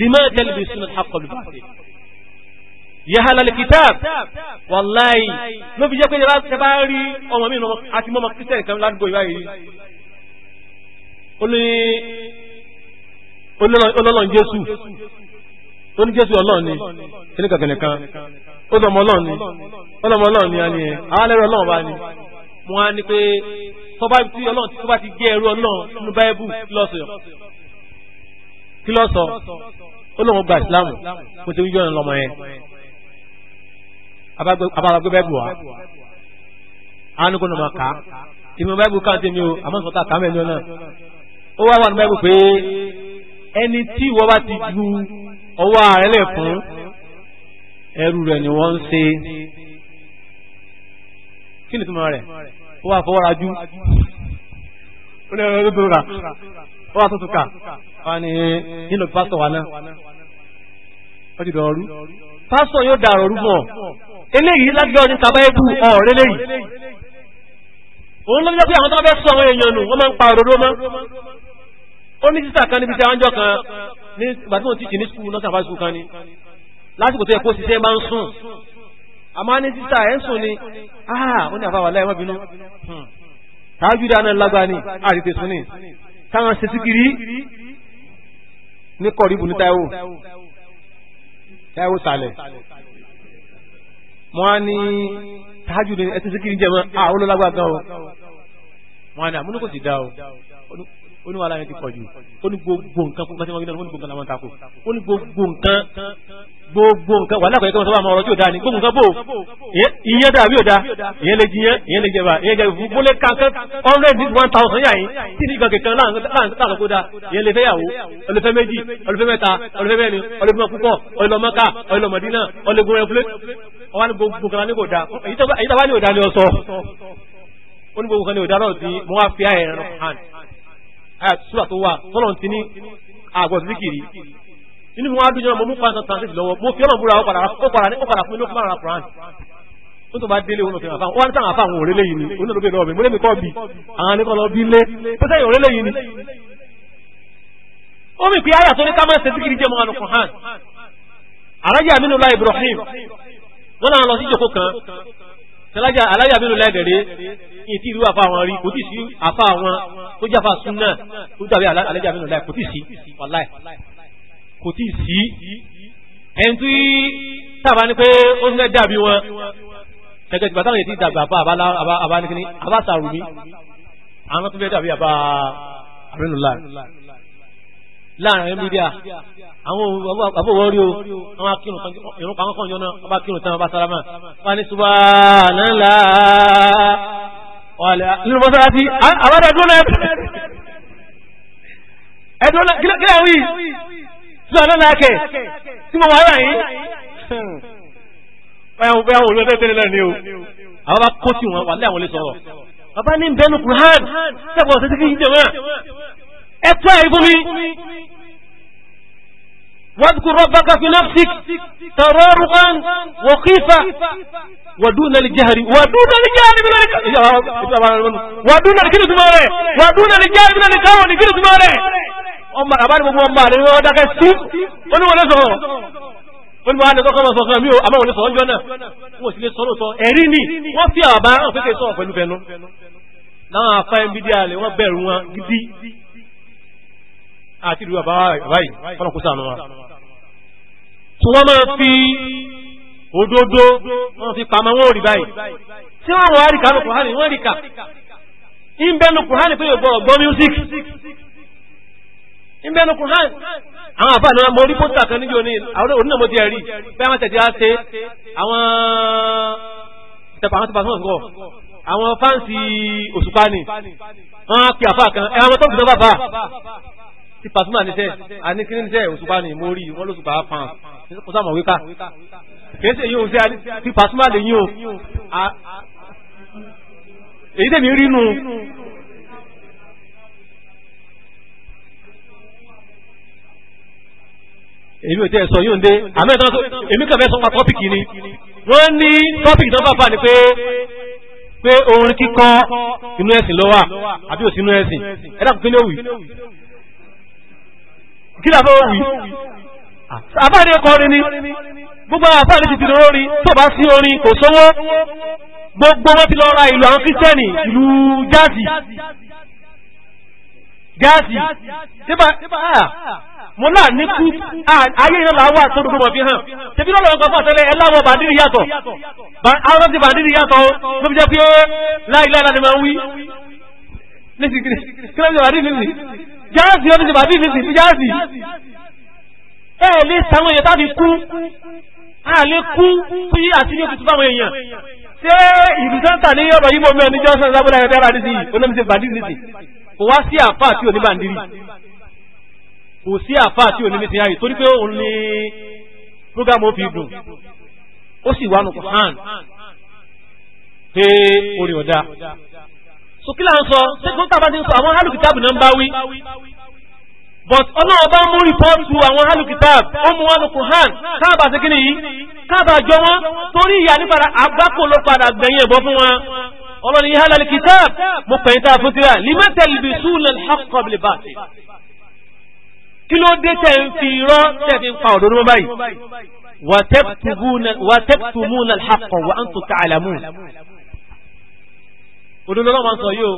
lima jẹ́lẹ̀bì sínú àkọlù bàtì yàhálà lè ló fi jẹ́ pé yàrá rí ọmọ mi àti mọ́mọ́ kírísítẹ̀nì kan ládùúgbò ìwáyìí olólọ́n jésù tó ní jésù ọlọ́run ni kíní kankan kan ó dọ̀mọ́ ọlọ́run ni ọlọ́mọ ọlọ́run ni a ní ẹ̀ àwálẹ́rọ ọlọ́run bá ní wọ́n á ní pé tọ́ba tí ọlọ́run tó bá ti jẹ́ ẹrú ọlọ́run nínú báíbù kí lọ́sọ̀ ó lóun gba ìsìláàmù kó ti wíjọ́ lọ́mọ yẹn abalagbé báíbù wa àwọn onígbónà máa kà á ìmọ̀ báíbù káàtì mi ò àmọ́ sọ́tà kàmẹ́ni náà ó wá wà ní báyìí pé ẹni tí ìwọ bá ti ju ọwọ́ ààrẹ lẹ̀ fún ẹrú rẹ̀ ni wọ́n ń ṣe kí ni túmọ̀ rẹ̀ ó wà fọwọ́rajú ó lè rẹ̀ lóbi rà ó wà tuntun kà wà ní nílò pásítọ̀ wa náà wọ́n ti dọ̀ọ́rú pásítọ̀ yóò dàrọ̀ rú mọ́ eléyìí lágbẹ́ ọdún tàbáyébù ọ̀rẹ́ lẹ́yìn òun ló ń jẹ́ pé àwọn tó bá fẹ́ sọ àwọn èèyàn nù wọ́n máa ń pa òdodo mọ́ ó ní sísà kan níbi tí àwọn jọ kan ní bàtí wọn ti jì ní skul north africa skul kan ni lásìkò tó yẹ kó ṣiṣẹ́ máa ń sùn àmọ́ ní sísà ẹ̀ ń sùn ni ah ó ní àbáwá láì wọ́n bínú hmm. tààjú dáná lágbá ni àrètè sùn ni táwọn ṣe síkiri ní kọ̀ríbù ní táíwò táíwò sàlẹ̀ wọ́n á ní tààjú ní ẹ̀sìn síkiri jẹ́ mọ́ àwọn ah, olólágbá gan o wọ́n á ní àmúnú kò sì dá o ó ní wàhálà yẹn ti pọ̀ jù ó ní gbogbo nǹkan fún pàṣẹ wọn gbogbo nǹkan làwọn tako ó ní gbogbo nǹkan gbogbo nǹkan wàhálà kọ̀ọ̀kan sọ́wọ́ àwọn ọ̀rọ̀ tí ò dáa ni gbogbo nǹkan bò ìyẹn dàbí ò dáa ìyẹn lè jiyàn ìyẹn lè jẹba ìyẹn jẹba fún bólé kankan hundred one thousand yà yín tí ní ìgbà kankan láàrín kó dáa ìyẹn lè fẹ́ yàwó ọlọ́fẹ́ méjì ọlọ́fẹ́ mẹ́ta ọlọ́fẹ́ mẹ́rin ọlọ́fẹ́ púpọ̀ ọlọ́mọ́ká ọlọ́mọdínà ọlọ́gbọ̀n ẹ̀fúlé ọwọ́ ni gbogbo nǹkan ní kò dáa èyí tó bá ní ò dáa ni ọ sọ ó ní gbogbo nǹkan ní ò dáa náà ti mo wá fi àyẹ̀ rán hàn àtúrà eh, tó wà tọ́lọ̀ ti ní àgbọ̀ síkìrì inú wọn adújọ́ mo mú pàǹtàn transit lọ́wọ́ mo fi ọ̀nà búra ó padà fún mi ló fún mara quran ó tó bá délé òun òfin àfáà wọn sáwọn àfáà òun òrèlè yìí ni òun ló bèèrè ọ̀bẹ mo lémi kọ́ bi àwọn anìkan lọ bí lé tó sẹ́yìn òrèlè yìí ni. ó mì pé àyà tó ní kámẹ́ sẹ́síkìrì jẹ́ mọ́ àlùkò hàn alájà Aminullah Ibrahim wọn náà lọ sí ìjókòó kan alájà Aminullah Gẹ̀rẹ́ etí irú àfa àwọn rí kò tí sí àfa àwọn tó jáfa súnà tó dàbí àlẹ́jà mẹ́nu láì kò tí sí wàláì kò tí sí ẹni tí tàbá ní pé ó ń fẹ́ dàbí wọn gẹ́gẹ́ tí bàtà yẹn ti dàgbà bá abánikíní abásàrùmí àwọn tó fẹ́ dàbí àbá àmẹ́nu láì láàrin mídíà àwọn àbòwọ́rí o àwọn akínú kan ìrún pàmọ́kànjọ́ náà ọba akínú tán ọba sáramà wọ́n ní subhanallah nínú mọ́sálásí àbádà dúró náà ẹ̀dùn náà kílẹ̀ àwí sọ náà náà kẹ̀ tí mo wà rà yín báyọ̀ báyọ̀ olú ẹgbẹ́ tẹ́lẹ̀ náà ni o àwọn bá kó tí wọn wà lé àwọn olè sọ̀rọ̀ bàbá ní bẹ́nu kùrán sẹ́kọ̀ọ́ títí kí n jẹ̀ wọ́n ẹ tó ẹ̀ fún mi wàdùkú rọ́bàkà fi náà sí tọ̀rọ̀ rúkán wọ̀kífà wàdúnà lè jẹ́hàrí wàdúnà lè jẹ́hàrí bí lọ́rẹ̀ wàdúnà lè kí lùtùmọ̀ rẹ̀ wàdúnà lè jẹ́hàrí bí lọ́rẹ̀ káwọn ní kí lùtùmọ̀ rẹ̀ ọmọ àbáni gbogbo ọmọ àlè wọn dákẹ́ sí oníwọlé sọ̀rọ̀ olùwà ni ọkọ̀ sọ̀rọ̀ mi ò àmọ́ òní sọ̀rọ̀ jọ́nà wọ́n sì lè sọ̀rọ̀ sọ ẹ̀rí ni wọ́n fi àbá hàn pé kì í sọ̀rọ̀ pẹ̀lú fẹnu láwọn afá ẹ̀mí díà lè wọ́n bẹ̀rù wọn gidi àti ìlú àbáwá ìbáyìí fọ́nà kó sànù wọn. tí wọ́n máa fi òdodo wọn fi pamọ́ wọn ò rí báyìí tí wọ́n wọ́n rí kàánù kùhánì wọ́n rí kà ń bẹ́nu kùhánì pé yóò gbọ́ music ń bẹ́nu kùhánì àwọn àbá ìlú ọmọ orí pósítà kan níbi òní àwọn onínà mo ti ẹ̀ rí bẹ́ẹ̀ wọ́n tẹ̀sí á ṣe àwọn ìtẹ̀pà àwọn tẹ̀pà sọ̀rọ̀ sọ̀rọ̀ àwọn fáǹsì òṣùpá ni wọ́n á pe àfa kan ẹ̀ àwọn tó gbìnà bàbá ti pàṣùmà níṣẹ́ àníkíní níṣẹ́ òṣùpá ni mo rí wọ́n lóṣùpá pounds kò sáà mọ̀ wíkà kìí ṣe yóò ṣe ti pàṣípà lè yín o èyí tèmi rí nu. èmi ò tẹ́ ẹ sọ yóò ń dé àmì ìtàn tó èmi kàn fẹ́ sọ pa tọ́pìkì ni wọ́n ní tọ́pìkì tó bá fà ní pé pé orin kíkọ́ inú ẹ̀sìn ló wà àbí òsínú ẹ̀sìn ẹ̀dá kò kí ló wì àfáàní ẹkọ orin ni gbogbo àfáàní ti tìrò lórí tó bá sí orin kò sówó gbogbo wọn ti lọ ra ìlú àwọn kírísítẹ́nì ìlú jáàsì jáàsì nípa mo náà ní kú ayé ìrọ̀lá wà tó dúró mọ̀ fi hàn tẹbí lọ́rọ̀ ọkọ̀ fún àtẹ́lẹ̀ ẹláwọ̀ bàdírí yàtọ̀ àwọn ti bàdírí yàtọ̀ ló fi jẹ́ pé láìláìlá ni máa ń wí nísìkiri kí ló ń ṣe bàdírí nísìkiri jáàsì ó ti ṣe bàdírí nísìkiri jáàsì ẹ lè sáwọn èèyàn tàbí kú a lè kú sí àti ní òtútù fáwọn èèyàn ṣé ìlú sẹ́ńtà ní ọ̀rọ̀ yìí mọ̀ mẹ́rin ní johnson lábúlá ẹ̀dá ara nídìí onímọ̀sẹ̀ bandit nídìí kò wá sí àfà àti oníbàndírì kò sí àfà àti onímọ̀sẹ̀ torí pé òun ni program ó fi dùn ó sì wà nùkọ̀ hàn pé orin ọ̀dà sókílà ń sọ ṣé kó tàbá ti ń sọ àwọn alùpùpù náà ń bá wí but ọlọ́run bá mú rìpọ́ọ̀tù àwọn alukitab ó mú wọn lókun han káàbà sí kí nìyí káàbà jọ wọn torí ìyá nípadà àgbákò ló padà gbẹ̀yìn ẹ̀bọ fún wọn ọlọ́run yìí halal kitab mo pẹ̀yìn tá a fún tira limatalisuna alhaqqa bil batil kí ló dé tẹ̀ ń fi irọ́ tẹ̀ fi ń pa òdodo mọ́ báyìí wàtẹ́kùtùmùnà alhaqqa wa antum ta'lamun òdodo lọ́wọ́ sọ yìí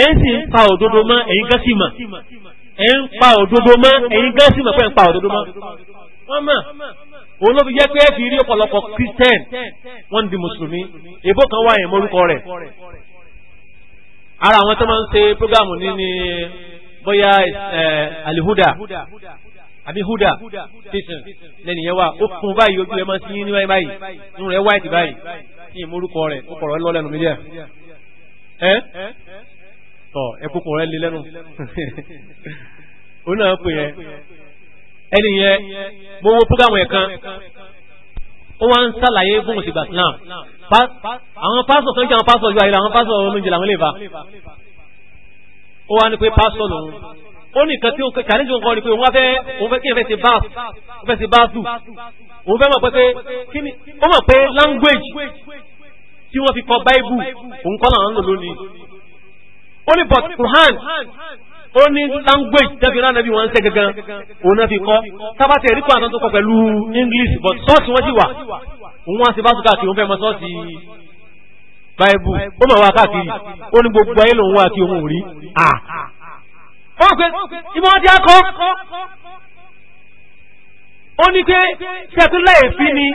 ẹ̀yìn sì ń pa òdodo mọ́ ẹ̀ ń pa òdodo mọ́ ẹ̀yin gán sì mọ̀ pé ẹ̀ ń pa òdodo mọ́ wọ́n mọ̀ òun ló fi jẹ́ pé ẹ fi rí ọ̀pọ̀lọpọ̀ Christian wọ́n di mùsùlùmí èbó kan wá yẹn mórúkọ rẹ̀ ara àwọn tó máa ń ṣe prógámù ní ní bóyá alihuda àbí huda tẹsán lẹ́nu yẹn wá ó fún báyìí ojú ẹ máa ń sí ní wáyé báyìí nínú rẹ̀ white báyìí ní ìmórúkọ rẹ̀ ó kọ̀rọ̀ lọ́lẹ́nu mídíà tọ ẹkùnkùn rẹ lé lẹ́nu òun náà pè yẹn ẹni yẹn mo wo púgàmù ẹ̀ kan ó wá ń sàlàyé fún òsìgbà islam àwọn pásọ tó ń jẹ àwọn pásọ yóò ayélujára àwọn pásọ ọmọ ìjìnlẹ̀ àwọn ilé ìfà ó wá ní pé pásọ lòun ó ní nǹkan tí ó challenge òun kan ni pé òun wá fẹ́ òun fẹ́ kí ẹ fẹ́ ṣe báàfù ó fẹ́ ṣe báàfù òun fẹ́ mọ̀ pé kí ó mọ̀ pé language tí wọ́n fi kọ báìbù òun kọ́ làwọn ń lò lónìí Only but Quran only language tẹ́fi rán nàbí wọn ń sẹ́ gangan òun náà fi kọ́ tábàtì ẹ̀rí kan àtọ́tọ́ kọ pẹ̀lú English but sọ́ọ̀sì wọ́n sì wà wọ́n sì bá sùn káàkiri wọ́n fẹ́ mọ sọ́ọ̀sì báìbù ó mọ̀ wá káàkiri ó ní gbogbo ayé lòun wá kí òun ò rí à. ó ń pè ibi wọn ti á kọ́ ó ní pé ṣẹ́túnlẹ̀ èéfín ni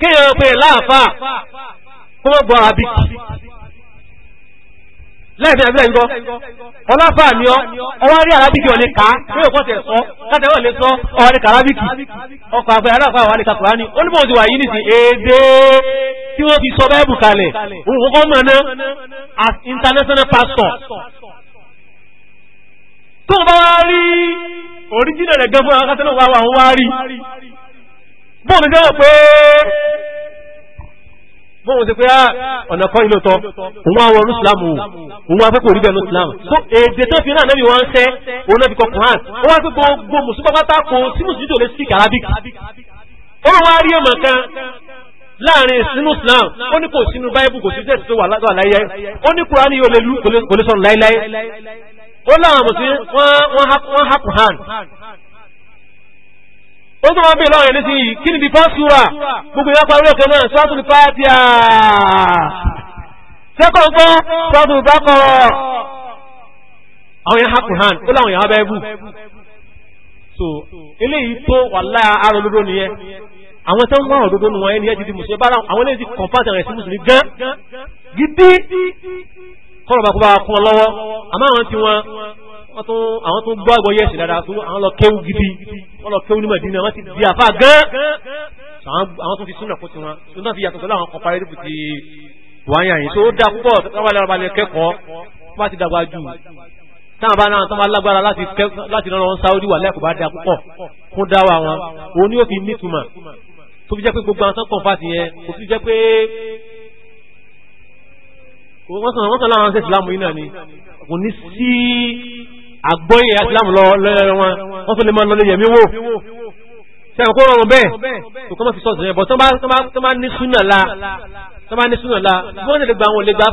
kéèyàn pè láàfáà kó mọ̀ gbọ́ arabic lẹ́ẹ̀fẹ́ àbílẹ̀ ńgọ́ ọlọ́fà ni ọ ọwọ́ rí arábìkì ọ̀lẹ́ ká pé òkú ọ̀tẹ̀ sọ láti ẹ̀wọ̀n lè sọ ọwọ́ ní kàrábìkì ọkọ̀ àgbẹ̀ aláfà wà ní kakùrá ní onímọ̀ ti wà yìí nìsí èdè tí wọ́n fi sọ bẹ́ẹ̀bù as international pastor tó bá wá rí oríjìnà rẹ̀ gẹ́gẹ́ fún àwọn akátẹ́lẹ̀ wá rí bóun ní bóhun ti pé á ah, ọ̀nà kan ìlú tọ́ òun àwọn ọ̀rún islam òun wá fẹ́kọ̀ọ́ orílẹ̀ islam so èdè tó fi náà nẹ́bí wọ́n ń sẹ́ òun náà fi kọ quran ó wá pé gbogbo mùsùlùmí pátá kò sí mùsùlùmí tó lè speak arabic ó wá rí ẹ̀mọ̀ kan láàrin sínú islam ó ní kò sínú bible kò sí tẹ̀sí tó wà láyé ó ní quran yóò lè lú kò lè sọ̀rọ̀ láéláé hand ó tó máa bèèrè lọ́wọ́ ẹni sí yìí kí ni bí pọ́sùrà gbogbo ìyá parí ọ̀kẹ́ náà sọ́tún fàtíà sẹ́kọ̀ọ́ kọ́ sọ́tún bákọ̀ọ́ àwọn yẹn hakùn hàn ó láwọn yẹn abẹ́ so eléyìí tó wà láà ara olódó nìyẹn àwọn tó ń wá òdodo nù wọn ẹni ẹ ti di mùsùlùmí bára àwọn eléyìí ti kọ̀ǹpáàtì àwọn ẹ̀sìn mùsùlùmí gan gidi kọ́nà bá kó bá kún ọ lọ́wọ́ àmọ́ àwọn tí wọn àwọn tó gbọ́ àgbọ̀ yẹ̀sì dáadáa tó àwọn lọ kéwú gidi wọ́n lọ kéwú ní Mẹ̀dínà wọ́n ti di àfà gán àwọn tó fi súnà kó tiwọn tó náà fi yàtọ̀ sọ́lá àwọn kọ̀ọ̀pá erékù ti wáyà yìí tó dá púpọ̀ tábàlẹ̀ kẹ́kọ̀ọ́ bá ti dàgbà jù táwọn bá náà tó bá lágbára láti rán wọn sáwọ́dí wà lẹ́kọ̀ọ́ bá dá púpọ̀ fún dáwà wọn òun ni ó fi nítumọ̀ tó fi jẹ́ pé gbogbo àwọn sọ́kàn fàtì yẹn kò fi jẹ́ pé wọ́n sàn láwọn ṣe ìsìlámù yìí náà ni kò ní sí àgbọ́yìn islam lọ lọ́rọ̀ wọn wọ́n tún lè máa lọlé yẹ̀mí wò ṣe àkókò rọrùn bẹ́ẹ̀ tó kọ́ mọ́ fi sọ́ọ̀sì yẹn bọ̀ tó bá ní súnà la tó bá ní súnà la wọ́n lè gba àwọn olègbà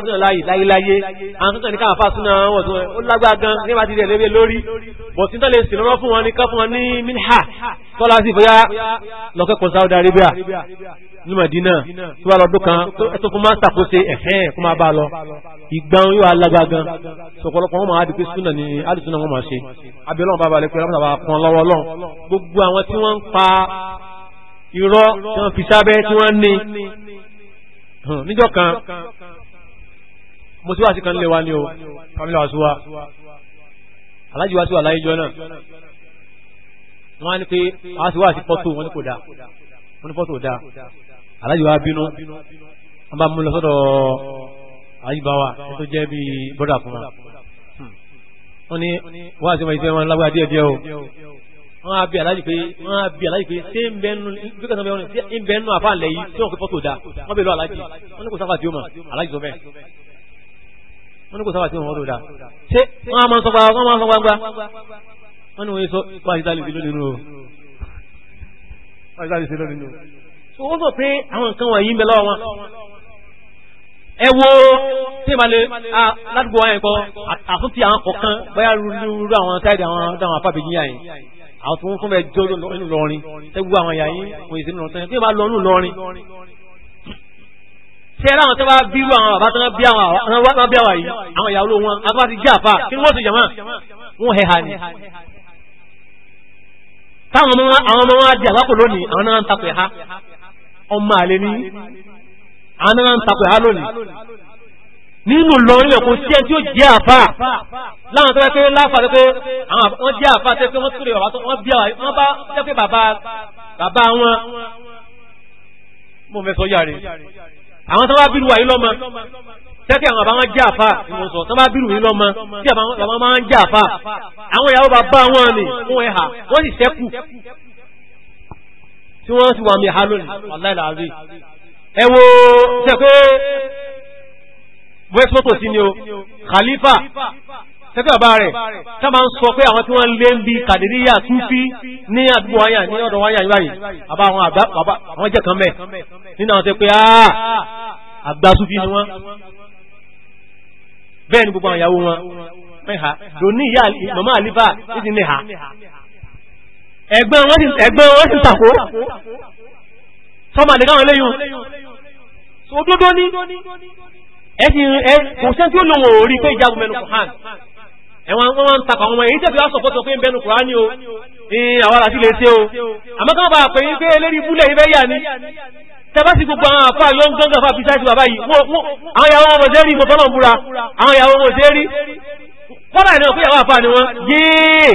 súnà láyé láyéláyé àwọn tó tàn ní káàfà súnà wọn tó ó lágbá gan nígbà tí ìrẹ̀lẹ́ rẹ̀ lórí bọ̀ tí tán lè sì lọ́rọ́ fún wọn ní ká fún wọn ní minha tọ́lá sí bóyá lọ́kẹ́kọ̀ọ́ Saudi Arabia ní Madina tó bá lọ́dún kan tó fún máńsà kó ṣe ẹ̀fẹ́ kó máa bá lọ ìgbà yóò alágbá gan sọ̀pọ̀lọpọ̀ wọn máa dìpé súnà ní alùsùnà wọn máa ṣe abẹ́lọ́wọ́n bá balẹ̀ pé lápàtàwà kan lọ́wọ́ lọ́n gbogbo àwọn tí wọ́n ń pa irọ́ tí wọ́n fi sábẹ́ tí wọ́n ní Hmm, níjọ́ kan mo ti wá sí kan lé wa ní o pamela wasuwa alájí wa sí wa láyé jọ náà wọ́n á ní pé a ti wá sí fọ́tò wọn ní kò dáa wọ́n ní fọ́tò dáa alájí wa bínú wọ́n bá mú lọ sọ́dọ̀ àyíbáwa tó jẹ́ bí bọ́dà fún wa hmm. wọ́n ní wọ́n á sì máa ṣe wọn lágbára díẹ̀díẹ̀ o wọ́n á bí aláàjì pé wọ́n á bí aláàjì pé ṣé ń bẹ́ nù bí kẹsàn-án bẹ́ wọn ṣé ń bẹ́ nù àfa àlẹ́ yìí tí wọ́n fi fọ́tò da wọ́n bẹ̀ lọ aláàjì wọ́n ní kò sáfà tí ó mọ̀ aláàjì sọ bẹ́ẹ̀ wọ́n ní kò sáfà tí ó mọ̀ ọ́ da ṣé wọ́n a máa sọ gbangba wọ́n máa sọ gbangba wọ́n ní wọ́n sọ pa ìdálẹ́ sí lónìí nù o pa ìdálẹ́ sí lónìí nù o. ó sọ pé àwọn nǹkan wọ̀nyí ń bẹ lọ́wọ́ wọn ẹ wo tí ma lè ládùúgbò wọn yẹn kọ àtúntì àwọn kọ̀ọ̀kan bóyá rúru àwọn táìdì àwọn dáhùn afábẹ́yìn yà yẹn àwọn tó ń fún bẹ jọ nínú lọrin ẹgbẹ àwọn ìyá yín òye sínú lọrin tí wọn bá lọ nínú lọrin. ṣé ẹ̀rọ àwọn tó bá bí irú àwọn bàbá tó bí àwọn bí àwọn yìí àwọn ìyàwó wọn àbá ti jẹ́ àfà kí wọ́n ti jàmá wọn hẹ̀hà ni. táwọn ọmọ wọn á di àbákò lónìí àwọn náà ń takò ẹ̀há ọmọ àlè ní àwọn náà ń takò ẹ̀há lónìí nínú lọrin ẹ̀kọ́ sí ẹ tí ó jẹ́ àfà láwọn tó pẹ́ láfà tó pé wọ́n jẹ́ àfà tó pé wọ́n tó lè bàbá tó wọ́n bí wọ́n bá jẹ́ pé bàbá wọn mo fẹ́ sọ yàrá àwọn tó bá bírù wà yìí lọ́mọ tẹ́kẹ́ àwọn bàbá wọn jẹ́ àfà ìwọ̀nsọ̀ tó bá bírù yìí lọ́mọ tí bàbá wọn jẹ́ àfà àwọn ìyàwó bàbá wọn ni fún ẹ̀hà wọ́n sì sẹ́kù tí wọ́n sì wà mí ha lónìí aláìláàrí ẹ wo ṣe bóyá mọ́tò sí ni o khalifa tẹ́tẹ́ bàbá rẹ̀ tá máa ń sọ pé àwọn tí wọ́n lé ń bi kàdíríyà túfí ní àdúgbò wáyà ní ọ̀dọ̀ wáyà yìí báyìí bàbá àwọn àgbà bàbá àwọn jẹ́ kan mẹ́ nínú àwọn tẹ́ pé àgbà túfí ni wọ́n bẹ́ẹ̀ ni gbogbo àwọn ìyàwó wọn mẹ́ha lóní ìyá màmá àlífà títí níha ẹ̀gbọ́n wọn sì tàkó sọmọ àdékáwọn eléyìí òdodo ní ẹ̀sìn ẹ̀ kò sẹ́ni tí ó lòun ò rí pé ìjagun mẹ́nu kùhán ẹ̀wọ̀n wọn ń takọ̀ àwọn èyí tẹ̀bí wá sọ̀pọ̀tọ̀ pé ń bẹnu Kùránì o ní àwọn àti lè ṣe o àmọ́ kí wọ́n bá pè é pé eléri búlẹ̀ ibẹ̀ yà ni tẹ́básí gbogbo àwọn àfà ló ń gángan fà bísáìsì bàbá yìí àwọn ìyàwó wọn ṣe rí ìmọ̀tọ́ náà búra àwọn ìyàwó wọn ṣe rí kọ́lá ìnáwó pé àwọn àfà ni wọ́n yéé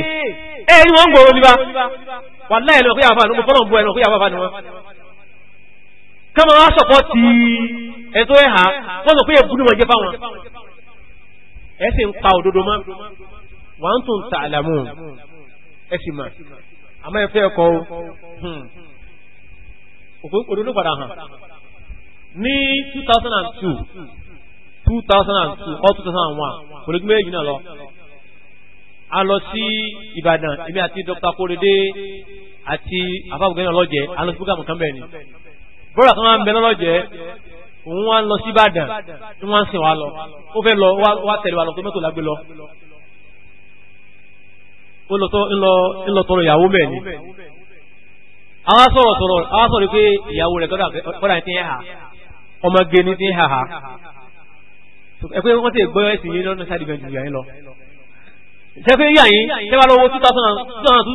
ẹ tó ẹ hà wọ́n sọ pé èbú ni wọ́n jẹ́ fáwọn ẹ sì ń pa òdodo mọ́ wọ́n tún ta àlàmù ẹ sì mà àmọ́ ẹ fẹ́ ẹ̀kọ́ o hmm. òdodo padà hàn ní two thousand and two two thousand and two or two thousand and one kò lè gbé méjì náà lọ a lọ sí Ìbàdàn èmi àti Dr. Korede àti àfàbùkẹ́ náà lọ sí program kan bẹ́ẹ̀ ni bọ́dà kan máa ń bẹ lọ́lọ́jẹ́ òun wá lọ sí Ìbàdàn tí wọ́n ń sìn wá lọ ó wa lọ pé mọ́tò lágbé lọ ó lọ tọrọ ìyàwó bẹ́ẹ̀ ni àwọn sọ̀rọ̀ sọ̀rọ̀ àwọn sọ̀rọ̀ pé ìyàwó rẹ̀ kọ́dà ti ń hà ọmọge ní ti ń hà hà ẹ pé wọ́n ti gbọ́ ẹ̀sìn yìí lọ́nà sáà dìbẹ̀ jùlọ yẹn lọ ṣẹ́fẹ́ yà yín ṣẹ́fẹ́ lọ́wọ́ two thousand two thousand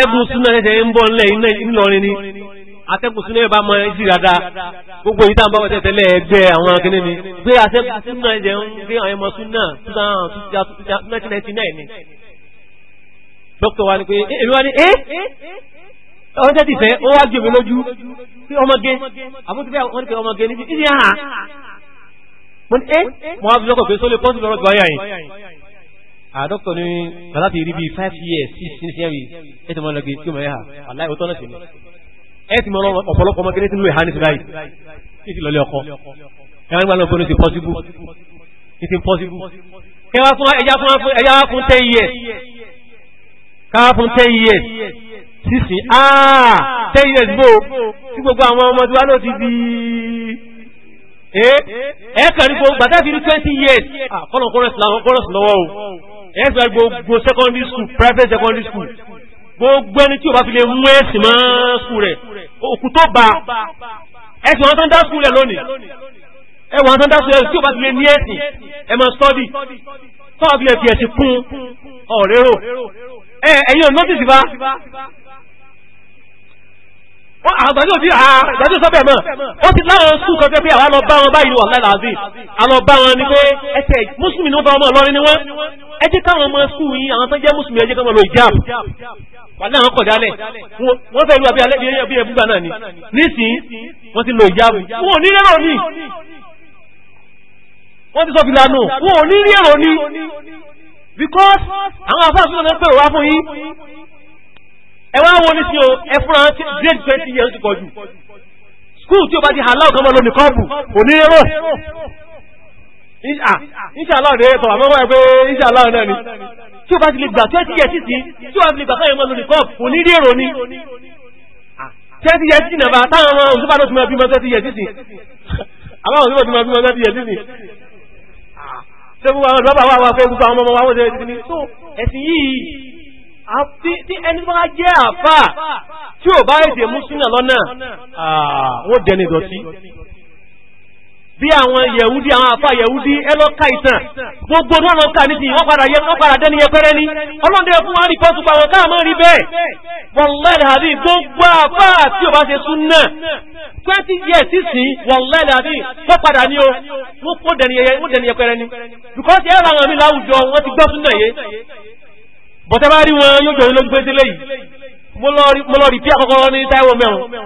yìí súnmọ́ atẹ́kùn súnà yóò bá mọ ẹ́ sí dáadáa gbogbo èyí tá à ń bá wọ́n tẹ̀lé ẹgbẹ́ àwọn akíní mi gbé atẹ́kùn súnà ẹ̀jẹ̀ ń gbé àwọn ẹmọ súnà two thousand nineteen ninety nine ni. dókítà wa ni pé eh, èmi wá ní ẹ́ eh, ọmọ tẹ́ ti fẹ́ ó wá gbé mi lójú pé ọmọge àbúrúfẹ́ wọn ni pé ọmọge ní ti hàn mo ní ẹ́ eh, mo wá fi lọ́kọ̀ pé sólè pọ́ńsì lọ́rọ̀ gbọ́ yà yìí àdọ́kọ̀ ní aláti rí bí five years six years ẹ̀ tẹ́ mọ́ lọ́gbẹ̀ẹ́ tí ó mọ̀ ẹ́ hà aláìwọ́tọ́ náà sì ni ẹ ti mọ ọ̀pọ̀lọpọ̀ ọmọ kékeré tí ń lo ìhánisi báyìí kí ti lọlé ọkọ ẹ wọn gbà lọ fún ti pọsibú ní ti pọsibú ẹ wá fún ẹja fún ẹja wá fún ten years ká wá fún ten years sísìn áà ah, ten years bò tí gbogbo àwọn ọmọ tí wàá lò ti di eh, ẹ̀ẹ́kàrí gbogbo gbàtà fi ní twenty years kọ́nà ah, kọ́nà sí lọ́wọ́ o ẹ̀ẹ́sì gbogbo secondary school private secondary school gbogbo ẹni tí o bá fi lè mú ẹ̀sìn mọ́ skul rẹ̀ òkú tó bá ẹ̀sìn wọn tó ń dá skul rẹ̀ lónìí ẹwà wọn tó ń dá skul rẹ̀ tí o bá fi lè ní ẹ̀sìn ẹ máa study tọ́wọ́ fi lè fi ẹ̀sìn kún ọ̀rẹ́rò ẹ̀yin ò nọ́tìsì bá àgbàjọ́ sí àgbàjọ́ sọ́bẹ̀ mọ́ ó ti láwọn sùn kan pé àwọn lọ́bá wọn báyìí wà lára àbí àlọ́bá wọn ni pé ẹsẹ̀ mùsùlùmí ni wọ́n bá ọmọ ọlọ́rin ni wọ́n ẹ jẹ́ káwọn ọmọ sùn yìí àwọn tó jẹ́ mùsùlùmí ẹ jẹ́ káwọn lọ ìjáàbù wàlẹ́ àwọn kọ̀ dálẹ̀ wọ́n fẹ́ lu àbí ẹbúgbà náà ni nísìn wọ́n ti lo ìjáàbù wọn ò ní rẹ́rọ̀ ní wọ́n ti sọ fìlà nù wọn ò ní rẹ́rọ̀ ní because àwọn afáà tó náà pẹ̀rọ wá fún yín ẹ wá wo nísìn o ẹ fúnra grade twenty years ti pọ̀ jù school tí o bá ti halal kan mọ́ lónìí kọ́ọ̀bù ò ní rẹ́rọ̀ Ah, inshallah rẹ̀ sọ àmọ́ ẹ pé inshallah náà ni tí o bá ti lè gbà twenty years sí tí o bá ti lè gbà káyọ̀ mọ́ lórí cup kò ní rí èrò ni ah, twenty years sí nàbà táwọn ọmọ òun tó ti máa bímọ twenty years sí ti máa bímọ twenty years sí ṣé fún àwọn ọmọ wa ti ní so ẹ̀sìn yìí tí ẹni bá jẹ́ àfà tí ò bí àwọn yẹ̀wúdí àwọn àfà yẹ̀wúdí ẹlọ́ka ìtàn gbogbo náà lọ́ka ní ti wọ́n padà yẹn wọ́n padà dẹ́ni yẹpẹrẹ ní ọlọ́dẹ fún wọn rí pọ́sù pàwọn káàmọ́ rí bẹ́ẹ̀ wọ́lẹ́lẹ̀ àbí gbogbo àfà tí o bá ṣe sún náà twenty years sísìn wọ́lẹ́lẹ̀ àbí wọ́n padà ní o wọ́n dẹ́ni yẹpẹrẹ ní because ẹ̀rọ àwọn mi láwùjọ wọ́n ti gbọ́ sún náà yé bọ̀tẹ́ bá rí wọn yóò jọ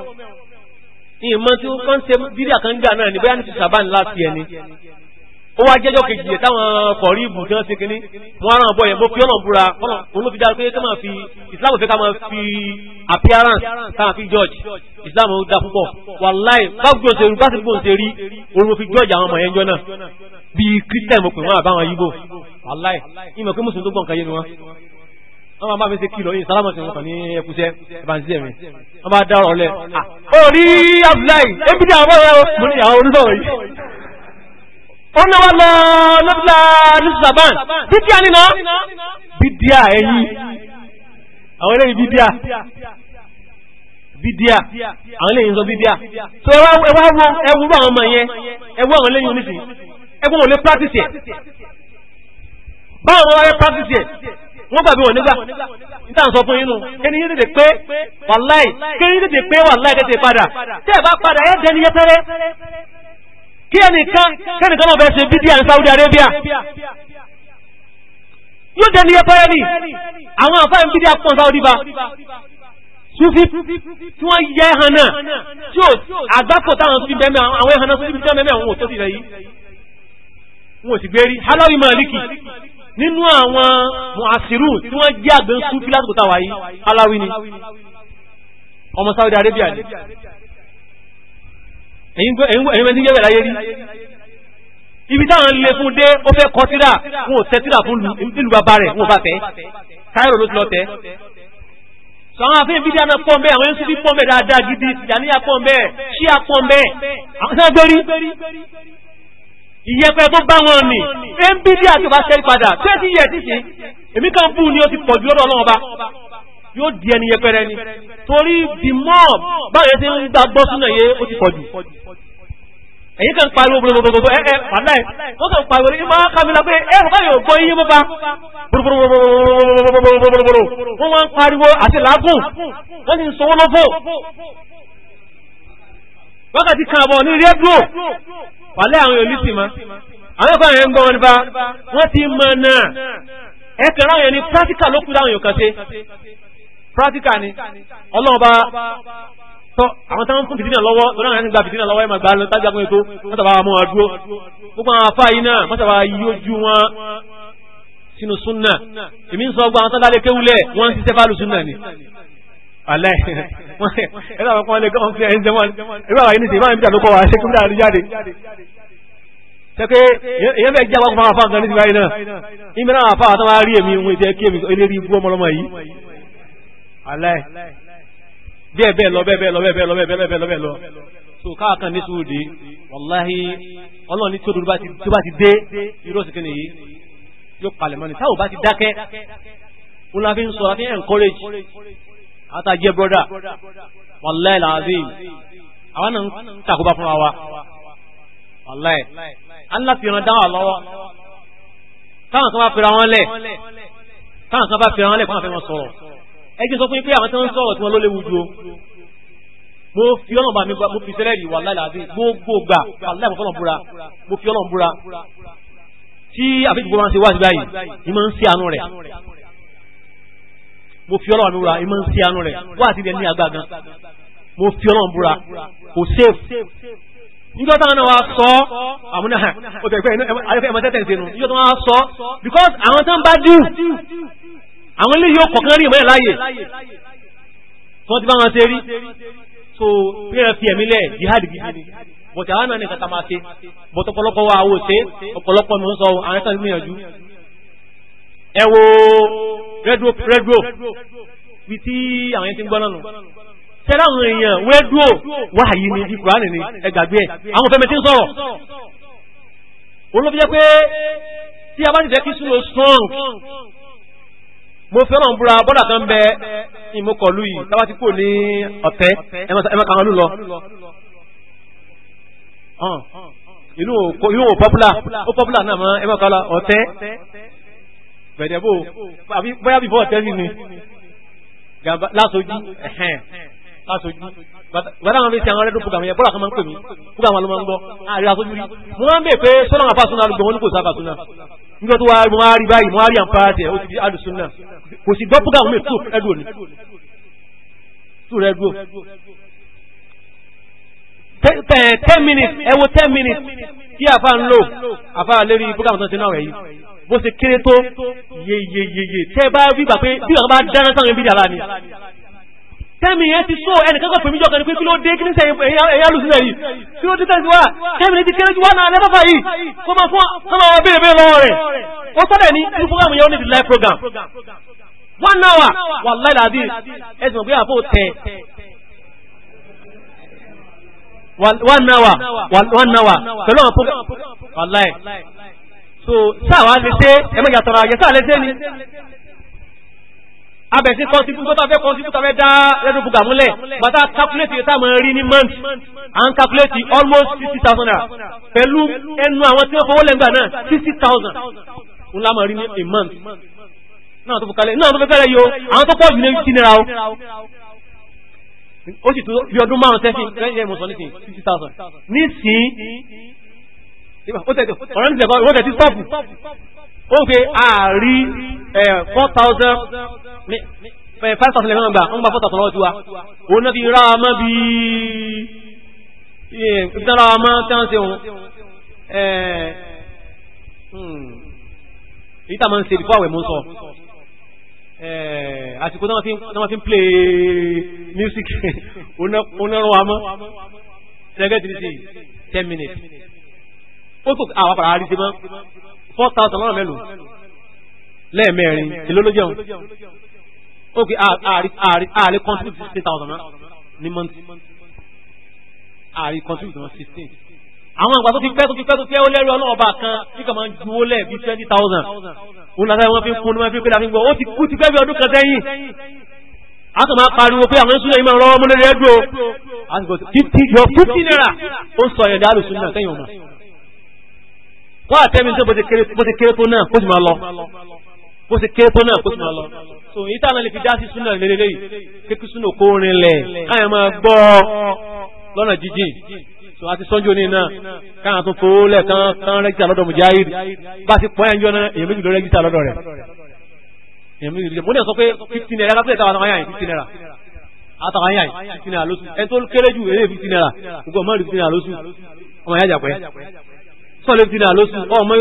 ní ìmọ̀ tí wọ́n kàn ṣe bídíà kan gbà náà ní bóyá ní ti sàbá ńlá ti ẹni ó wá jẹ́jọ́ kejì yẹ táwọn kọ̀rí ìbù tí wọ́n ṣe kínní wọ́n ara bọ̀ yẹn bó fi ọ̀nà búra òun fi dára pé ká máa fi Islam fẹ́ ká máa fi appearance ká máa fi George. Islam da púpọ̀ wàláì báwo ṣe rí báṣe bó ṣe rí òun fi judge àwọn ọmọ yẹn jọ náà bíi Christian mo pè wọ́n àbáwọn yíbò wàláì ìmọ̀ pé mùsùlùmí tó gbọ̀ǹkan yé ni wọ́n wọ́n máa bá fi ṣe kìlọ̀ yìí sálámọ̀ tí wọ́n kàn ní ẹkùsẹ́ ìbánisẹ́ mi wọ́n bá dárọ̀ lẹ̀ ó rí Abdullahi ebi ní àwọn ọ̀rọ̀ mo ní àwọn onísọ̀rọ̀ yìí ó ní wọ́n lọ nípa nísàbán bídíà nínà bídíà ẹ̀yìn àwọn eléyìí bídíà bídíà àwọn eléyìí ń sọ bídíà tó ẹwà ẹwà ẹwù àwọn ọmọ yẹn ẹwù àwọn eléyìí oníṣìí ẹgbọ́n ò lè practice ẹ̀ báwọn ọmọ yẹn practice ẹ̀ wọ́n gbàgbé wọn nígbà níta ń sọ fún inú kẹ́ni yín tètè pé wàláì kẹ́ni yín tètè pé wàláì tètè padà tẹ́ ẹ̀ bá padà ẹ̀ dẹni yẹtẹrẹ kí ẹnìkan kẹ́nìkan náà bẹ́ẹ̀ ṣe bídíà ní Saudi Arabia yóò dẹni yẹtẹrẹ ni àwọn àfáà ń bídíà pọ̀ Saudi ba sufi tí wọ́n yẹ ẹ̀hàn náà tí ó àgbákò táwọn sufi bẹ́ẹ̀ mẹ́wàá àwọn ẹ̀hàn náà sufi bẹ́ẹ̀ mẹ́wàá àwọn òtó sì rẹ̀ yìí wọn ò sì gbé rí halawi maliki nínú àwọn muhasiru tí wọ́n jẹ́ àgbẹ̀ súfí lásìkò táwa yìí aláwí ni ọmọ Saudi Arabia ni ẹ̀yin mẹ́tí jẹ́ bẹ̀rẹ̀ ayé rí ibi táwọn lè fún dé ó fẹ́ kọ tíra wọn ò tẹ tíra fún ìlú bàbá rẹ̀ wọn ò bá tẹ káyọ̀ ló ti lọ tẹ sọ àwọn afẹ́ ìbídí àná pọ̀ mbẹ́ àwọn ẹ̀sùn bí pọ̀ mbẹ́ dáadáa gidi ìyàníyà pọ̀ mbẹ́ ṣíà pọ̀ mbẹ́ àwọn sẹ́gbẹ́rí ìyẹpẹ tó bá wọn ni mbd àti ọba ṣẹ́rí padà twenty years sí èmi kan bú ni ó ti pọ̀jù lọ́dọ̀ ọlọ́run ọba yóò di ẹni yẹpẹrẹ ni torí the mob báyọ̀ ṣe ń gbà gbọ́ súnà yé ó ti pọ̀jù èyí kan pariwo bòròbòròbòrò ẹ ẹ padà ẹ wọ́n kàn pariwo ní máa ká mi la pé ẹ bàbá yóò gbọ́ iye mọ́ba bòròbòròbòròbòròbòrò wọ́n wá ń pariwo àti làágùn wọ́n sì ń sọ wọ́n lọ́fọ̀ wákàtí kan àbọ̀ ní rédíò wàlẹ́ àwọn olùsìn mọ́ àwọn ẹ̀kọ́ àwọn ẹ̀gbọ́n nípa wọ́n ti mọ̀ náà ẹ̀kọ́ láwọn ẹni practical ló kú láwọn èèyàn kan ṣe practical ni ọlọ́run bá tọ́ àwọn táwọn fún fìdínà lọ́wọ́ lọ́nà àwọn gba fìdínà lọ́wọ́ ẹ̀ máa gbà lọ tájà fún ètò mọ́tàbá wa mọ́ wa dúró gbogbo àwọn afá yìí náà mọ́tàbá yí ojú wọn sínú súnà èmi ń sọ gbogbo àwọn tó dálé kéwúlẹ̀ wọ́n alẹ́ ẹ̀rọ àwọn kan lè gbọ́n fi ẹ̀yìn jẹmọ́ ẹ̀rọ àwọn ènìyàn ìbáwọn ìbíjà ló kọ́ wa ṣé kí n dáa rí jáde tẹ́kẹ́ èyàn bẹ́ẹ̀ jábọ́ fún àwọn afáàn kan ní ìgbà yìí náà ìmọ̀ náà afáà tó máa rí èmi wọn ìtẹ́ kí èmi ilé rí ibú ọmọlọmọ yìí alẹ́ bẹ́ẹ̀ bẹ́ẹ̀ lọ bẹ́ẹ̀ bẹ́ẹ̀ lọ bẹ́ẹ̀ lọ bẹ́ẹ̀ bẹ́ẹ̀ lọ bẹ́ẹ̀ lọ so káàkan ní sùúrù dé wàláhí ọlọ́run ní tí odò tó bá ti dé irú òsìkè nìyí yóò palẹ̀mọ́ ni táwọn bá ti dákẹ́ wọn la fi ń sọ la fi ń encourage àtàjẹ́ brọ́dà wàláì làásìm àwọn náà ń tàkóbá fúnra wa wàláì Allah fi ràn dáwà lọ́wọ́ táwọn kan bá fira wọn lẹ̀ táwọn kan bá fira wọn lẹ̀ fún àfẹ́ wọn sọ̀rọ̀ ẹ sọ fún yín pé àwọn tí wọ́n ń sọ̀rọ̀ tí wọ́n ló léwu ju mo fi ọlọ́run bá mi gba mo fi sẹ́lẹ̀ rí wàláì làásìm gbogbo gbà wàláì mo fọlọ́n mo fi ọlọ́run búra tí àfẹ́jùgbọ́ wọn ṣe wá sí ni mo ń ṣe àánú rẹ̀ mo fi ọlọ́run mi wúra ìmọ̀ ń sí anú rẹ̀ wá àti ilẹ̀ ní àgbà mo fi ọlọ́run búra kò save níjọ́ táwọn náà wá sọ àmúna ó tẹ̀ pé àyẹ̀fẹ́ ẹ̀mọ́ tẹ́tẹ̀ sínú níjọ́ táwọn wá sọ because àwọn tó ń bá dùn àwọn ilé yóò kọ̀ọ̀kan rí ìmọ̀ ẹ̀ láàyè wọ́n ti bá wọn ṣe rí so bí ẹ fi ẹ̀mí lẹ̀ jihad gidi ni bọ̀tẹ̀ àwọn náà ní kàtàmáṣe bọ̀tọ̀pọ̀lọpọ̀ wa àwòṣe ọ̀pọ̀lọpọ̀ mi ń sọ àwọn ẹ̀ka ìgbìyànjú ẹ wo rẹ́dúò rẹ́dúò bí tí àwọn yẹn ti ń gbọ́ náà nù tẹ́lá àwọn èèyàn wẹ́dúò wáyé ni bí kùránì ni ẹ gbàgbé ẹ àwọn fẹ́mi ti ń sọ̀rọ̀ olóbi jẹ́ pé tí a bá ti fẹ́ kí sùn strong mo fẹ́ràn búra bọ́dà kan bẹ ìmọ̀kọ̀lù yìí tábà ti kò ní ọ̀tẹ́ ẹ̀mọ̀ kan lù lọ. ìlú ò popular ó popular náà mọ́ ẹ̀mọ̀ kan lọ ọ̀tẹ́ bẹ̀rẹ̀ bò bóyá bí bọ́ọ̀ tẹ́lí ni lásojú ẹ̀hẹ́n lásojú bàtà wọn fi ṣe àwọn rẹ́dùn fúgàmù yẹn bọ́lá kan máa ń pè mí fúgàmù wọn ló máa ń gbọ́ àárín asojú rí mo máa ń bè pé sọ́nà àwọn afásúná alùpùpù wọn ní kò sáfà súná nígbà tó wá mo wá rí báyìí mo wá rí àǹfààní tiẹ̀ ó ti di alùsùn náà kò sì gbọ́ fúgàmù mi tù rẹ́dùn òní tù rẹ́dùn ten minutes ẹ wo ten minutes tí àfa ń lò àfa lérí fúgàmù tó ń náà rẹ̀ yìí bó ṣe kéré tó yeyeyeye tẹ́ bá rí gbà pé bí wọn bá dáná sáwọn ibi dàrá ni tẹ́mi yẹn ti sọ ẹnìkan kan pèmíjọ kan ni pé kí ló dé kí ní sẹ́yìn ẹ̀yà lùsílẹ̀ yìí kí ló dé tẹ́sí wá tẹ́mi ti kéré jù wá náà lẹ́fàfà yìí kó máa fún ọmọ àwọn béèrè béèrè lọ́wọ́ rẹ̀ ó sọ́dẹ̀ ní ní program yẹn ó ní ti live program one hour wàláì làdí ẹ̀sìn ògbé àpò tẹ̀ one hour one hour pẹ̀lú àwọn program wàláì so sáwa lè ṣe ẹ̀mọ́ ìyàtọ̀ ra yẹn sáà lè ṣe ni abẹ̀sí kọ́ńtìbútà fẹ́ kọ́ńtìbútà fẹ́ dá rẹ́dùn bùgà múlẹ̀ bàtà calculate yẹn táwọn rí ní month à ń calculate almost sixty thousand naira pẹ̀lú ẹnu àwọn tí wọ́n fowó lẹ́gbàá náà sixty thousand ń lámọ̀ rí ní a month náà tó fi kalẹ̀ náà tó fi kalẹ̀ yìí o àwọn tó pọ̀ jù ní ti nira o ó sì tún bí ọdún márùn-ún sẹ́sìn lẹ́yìn ẹ̀mọ̀sán nísìn sixty thousand nísìn ọ̀rọ̀ nípa wọ́n tẹ̀ tí stọ́ọ̀pù ó ń pe ààrí four thousand five thousand lẹ́gbẹ̀rún gbà ń gba four thousand lọ́wọ́ tiwa òun náà fi ra ọmọ bí ibi tí wọ́n máa tẹ́ ń ṣe òun èyí tá a máa ń ṣe before àwẹ̀ mú sọ àsìkò tí wọ́n fi ń play music onárànwá [laughs] mọ́ ẹgbẹ́ tí ní sí ten minutes ó tó àwọn àpàrà àríṣe mọ́ four thousand lọ́nà mẹ́lòó lẹ́ẹ̀mẹ́rin èló ló jẹun ó fi ààrẹ contribute sixteen thousand ní mọ́ntì ààrẹ contribute wọn sixteen àwọn àgbà tó ti pẹ́ tó ti pẹ́ tó pẹ́ ó lẹ́rú ọlọ́ọ̀bà kan tí kò máa ń ju ó lẹ̀ bí twenty thousand òun làtàrí wọn fi ń fún ní wọn fi ń pè láti gbọ́ ó ti kú ti pẹ́ bí ọdún kan sẹ́yìn a kàn máa pariwo pé àwọn ìṣúná ìmọ̀ ọ̀rọ̀ ọmọlẹ́rẹ́ dúró fifty naira ó sọ ẹ̀dá àlùsùn náà sẹ́yìn ọmọ wọ́n àtẹ́mi tó bó ti kéré tó náà kó sì máa lọ bó ti kéré tó náà kó sì máa lọ. so èyí táwọn lè fi dá sí súnà lélẹ́lẹ́ yìí kékú súnà kó rin lẹ̀ káyọ̀ máa gbọ́ lọ́nà jíjìn so àti sọ́njú ní iná káyọ̀ tó fowó lẹ̀ kán kán rẹ́gísà lọ́dọ̀ mùjáhìrì bá ti pọ́n ẹ̀yọ́ náà èyàn méjì ló rẹ́gísà lọ́dọ̀ rẹ̀ èyàn méjì ló sọ pé fifteen naira lápẹ́ ìtawà náà yàn fifteen naira àtàwọn yàn fifteen naira lóṣù ẹ̀ tó kéré ju eré fifteen naira gbogbo ọmọ rẹ̀ fifteen naira lóṣù ọmọ yàjà tọ́lé ti náà lóṣù ọmọ ẹ́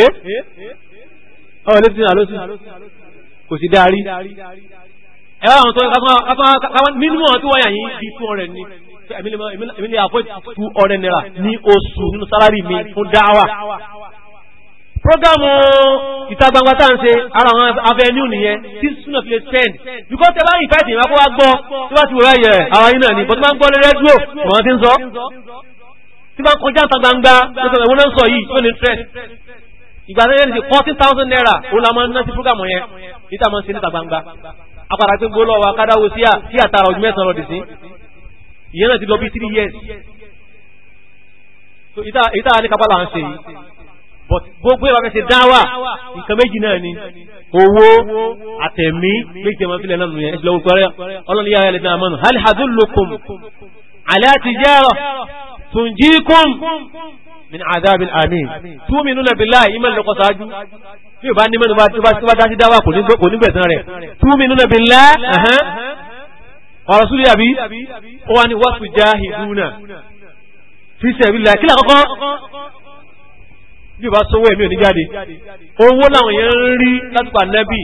ẹ́ ọmọ lé ti náà lóṣù kò sí dárí ẹ wá àwọn tó káwọn nínú àwọn tí wọ́n yà yín bí two hundred ni èmi lè àpò two hundred naira ní oṣù nínú sálárì mi fún dáwà prógámù ìta gbangba tá à ń ṣe ara àwọn avenue nìyẹn tí súnà fi lè ten because tẹ bá ń ìfẹ́ tì í wá kó wá gbọ́ tí wọ́n ti wọ́n yẹ àwọn yín náà ni bọ́tí wọ́n gbọ́ lórí rédíò wọ́n ti ń sọ tí bá ń kọjá ta gbangba lọ́sọ̀ ẹ̀wọ́n náà ń sọ yìí tó ní stress ìgbà tó yẹn ti fourteen thousand naira ó la máa ń ná sí program yẹn níta máa ń ṣe níta gbangba apàdà pé gbólọ́ wa kádáwo sí àtàrà ọdún mẹ́sàn-án lọ́dì sí ìyẹn náà ti lọ bí three years ìta ní kápá là ń ṣe yìí but gbogbo ìwà fẹsẹ̀ dáwà nǹkan méjì náà ni owó àtẹ̀mí méjì ẹ̀mọ́ fílẹ̀ náà nìyẹn ìṣẹ̀lẹ̀ òkú ọlọ́ni yára ẹ̀lẹ́dẹ̀ àmọ́nù hal hadullukum ala tijara tunjikum min azabil amin tuminuna billahi iman lọ́kọ̀ sáájú tí o bá ní mẹ́nu tó bá dájú dáwà kò ní gbẹ̀sán rẹ̀ tuminuna billahi wa rasulihi àbí ó wà ní watujahiduna fi sabilillah kí làkọ́kọ́ bí o bá sanwó ẹ̀mí òní jáde owó làwọn èèyàn ń rí látùpà nẹ́bì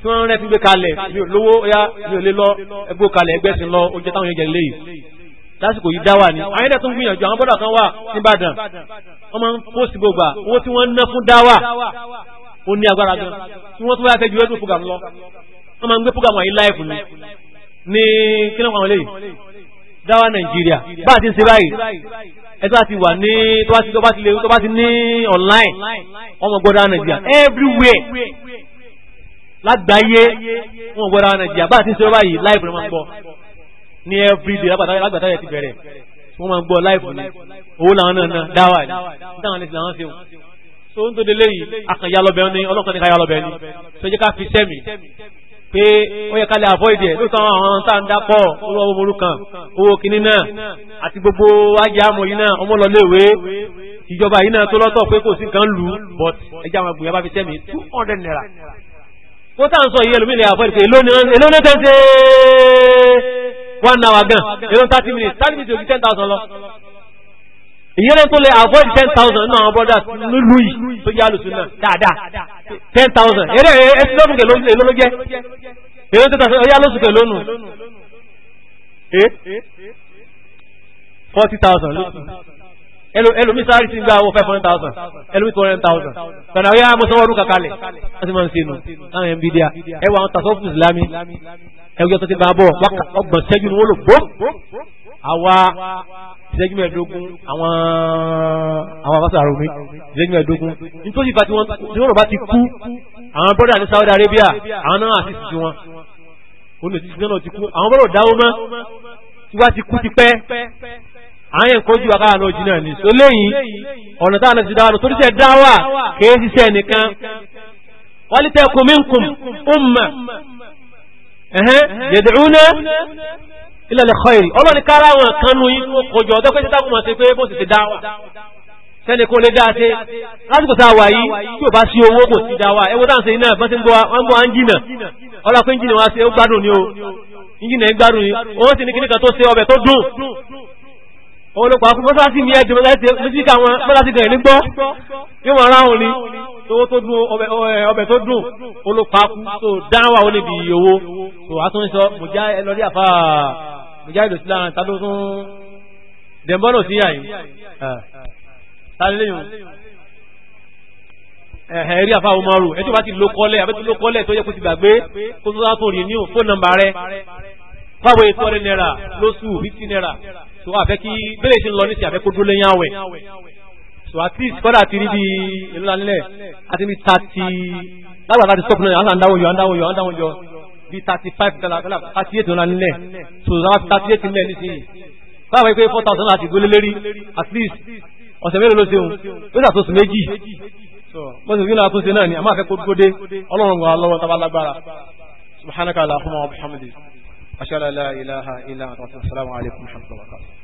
tí wọ́n rẹ́ fi gbé kalẹ̀ mi ò lówó ó yá mi ò lè lọ ẹgbó kalẹ̀ ẹgbẹ́sìn lọ oúnjẹ táwọn èèyàn jẹ lẹ́yìn lásìkò yìí dáwà ni àwọn ẹ̀dẹ̀ tó ń gbìyànjú àwọn bọ́dà kan wà níbàdàn wọ́n máa ń post gbogbo owó tí wọ́n ń ná fún dáwà ó ní agbára gan tí wọ́n tún bá tẹ́jú ẹgbẹ́ program lọ wọ́n máa ń gbé program wọ̀nyí live ni ní kílọ̀ àwọn eléyìí dáwà nàìjíríà bá a ti ń ṣe báyìí ẹ tó bá ti wà ní tó bá ti tó bá ti lè tó bá ti ní online wọ́n mọ̀ gbọ́dọ̀ nàìjíríà everywhere lágbàáyé wọ́n mọ̀ gbọ́dọ̀ nàìjíríà bá a ti ń ṣe báyìí live ni wọ́n gbọ́ ní everyday lágbàtà yẹn ti bẹ̀rẹ̀ wọ́n máa ń gbọ́ láìpù ní owó làwọn náà ná dáwà ní dáwọn lẹ́sìn làwọn ṣeun tó ń tó délé yìí àkànyà lọ́bẹ̀ ní ọlọ́kan ní ká yà lọ́bẹ̀ ní tó jẹ́ ká fi sẹ́mi pé ó yẹ ká lè avoid ẹ̀ lóòótọ́ àwọn àwọn tá à ń dápọ̀ owó ọmọ orúkàn owó kìíní náà àti gbogbo wájà àmọ̀ yìí náà ọmọ lọléèwé ìjọba yìí náà tó lọ́tọ̀ pé kò sí nǹkan lù but ẹja àwọn agbóyà bá fi sẹ́mi two hundred naira ó tá à ń sọ yìí ẹlòmíì lè avoid pé èló ni tẹ́ ṣe one hour gan èrò thirty minutes thirty minutes you get ten thousand lọ ìyẹn tó lè avoid ten thousand nínú àwọn brothers nílùú yìí tó jẹ́ alùsùn náà dáadáa ten thousand eré ẹsẹ̀ lọ́sùn kẹ̀ ló ló jẹ́ èrò tó tàṣẹ ọyá lọ́sùn kẹ̀ lónù eh? forty thousand lọ́sùn ẹlòmí sáárì ti ń gba owó five hundred thousand ẹlòmí two hundred thousand kànáà yá mo sanwó ọdún kakalẹ̀ wọ́n ti máa ń sinú láwọn ẹ̀mí díà ẹwà àwọn tasọ́fù ìsìlámì ẹgbẹ́ tó ti máa bọ̀ ọgbọ̀n ṣẹ́jú ni wọ́n lò bó àwa ìṣẹ́jú mẹ́ẹ̀ẹ́dógún àwọn àwọn afásà àrùn mi ìṣẹ́jú mẹ́ẹ̀ẹ́dógún nítorí ìfà tí wọ́n bá ti kú àwọn bọ́dà ní Saudi Arabia àwọn náà àti ìsìnkú wọn olùsíṣẹ́ náà ti kú àwọn bọ́dà dáwọ́ mọ́ tí wá ti kú ti pẹ́ àyẹ̀ kojú àkàrà náà jìnnà ní so léyìn ọ̀nà táwọn ti dáwà torí sẹ́ dáwà kìí ṣiṣẹ́ nìkan walitẹkun minkum umma yad'una ila al-khair ọlọ́ni kára wọn kanú yín kojú ọ̀dọ́ pé títà kùmọ̀ sí pé bó sì ti dáwà sẹ́ni kó lè dáa ṣe lásìkò tá a wà yìí tí ò bá sí owó kò sí dáwà ẹwọ́ táwọn ṣe iná bọ́n ń bọ́ áńjìnà ọlọ́pẹ́ ń jìnà wá sí ó gbádùn ni ó ń jìnà ń gbádùn ni òun sì ní kíníkan tó ṣe ọbẹ̀ tó dùn òun ló pa fún mọ́sáàsì ní ẹjọ́ mọ́sáàsì àwọn mọ́sáàsì gan ìlú gbọ́ yóò wọ́n ra òun ni owó tó dùn ọbẹ̀ tó dùn òun ló pa fún tó dáwà ó níbi owó tó wá tún sọ mọ̀já ẹlọ́rí àfà mọ̀já ìlú sílá àwọn tàbí tún dẹ̀mbọ́nà sí àyè tàlẹ́yìn ẹ̀hẹ̀ rí àfà Umaru ẹ̀ tó bá ti lo kọ́lẹ̀ àbẹ́tí lo kọ́lẹ̀ tó yẹ kó ti gbàgbé kó tó sá tó rí ní fóònù nọ́mbà rẹ̀ fáwọn ètò ọ̀rẹ́ náírà lóṣù fifty náírà so àfẹ́ kí bẹ́ẹ̀ ṣe ń lọ ní ti àfẹ́ kó dúró lẹ́yìn àwẹ̀ so at least kọ́dà ti rí bí ìlú lálẹ́ àti bí thirty lágbàtà ti stop náà àndáwọ̀ yọ àndáwọ̀ yọ àndáwọ̀ yọ bí thirty five dollar thirty eight dollar nílẹ̀ so thirty eight nílẹ̀ nísìnyí báwo pé four thousand àti gbélé lérí at least ọ̀sẹ̀ mélòó ló ṣeun ó ṣàtúnṣe méjì bó ṣe wíwọ́n àtúnṣe náà ni àmọ́ àfẹ́ kó gbódé ọlọ́run gbà lọ́wọ́ tábà lágbára wa bihamdi wa atubu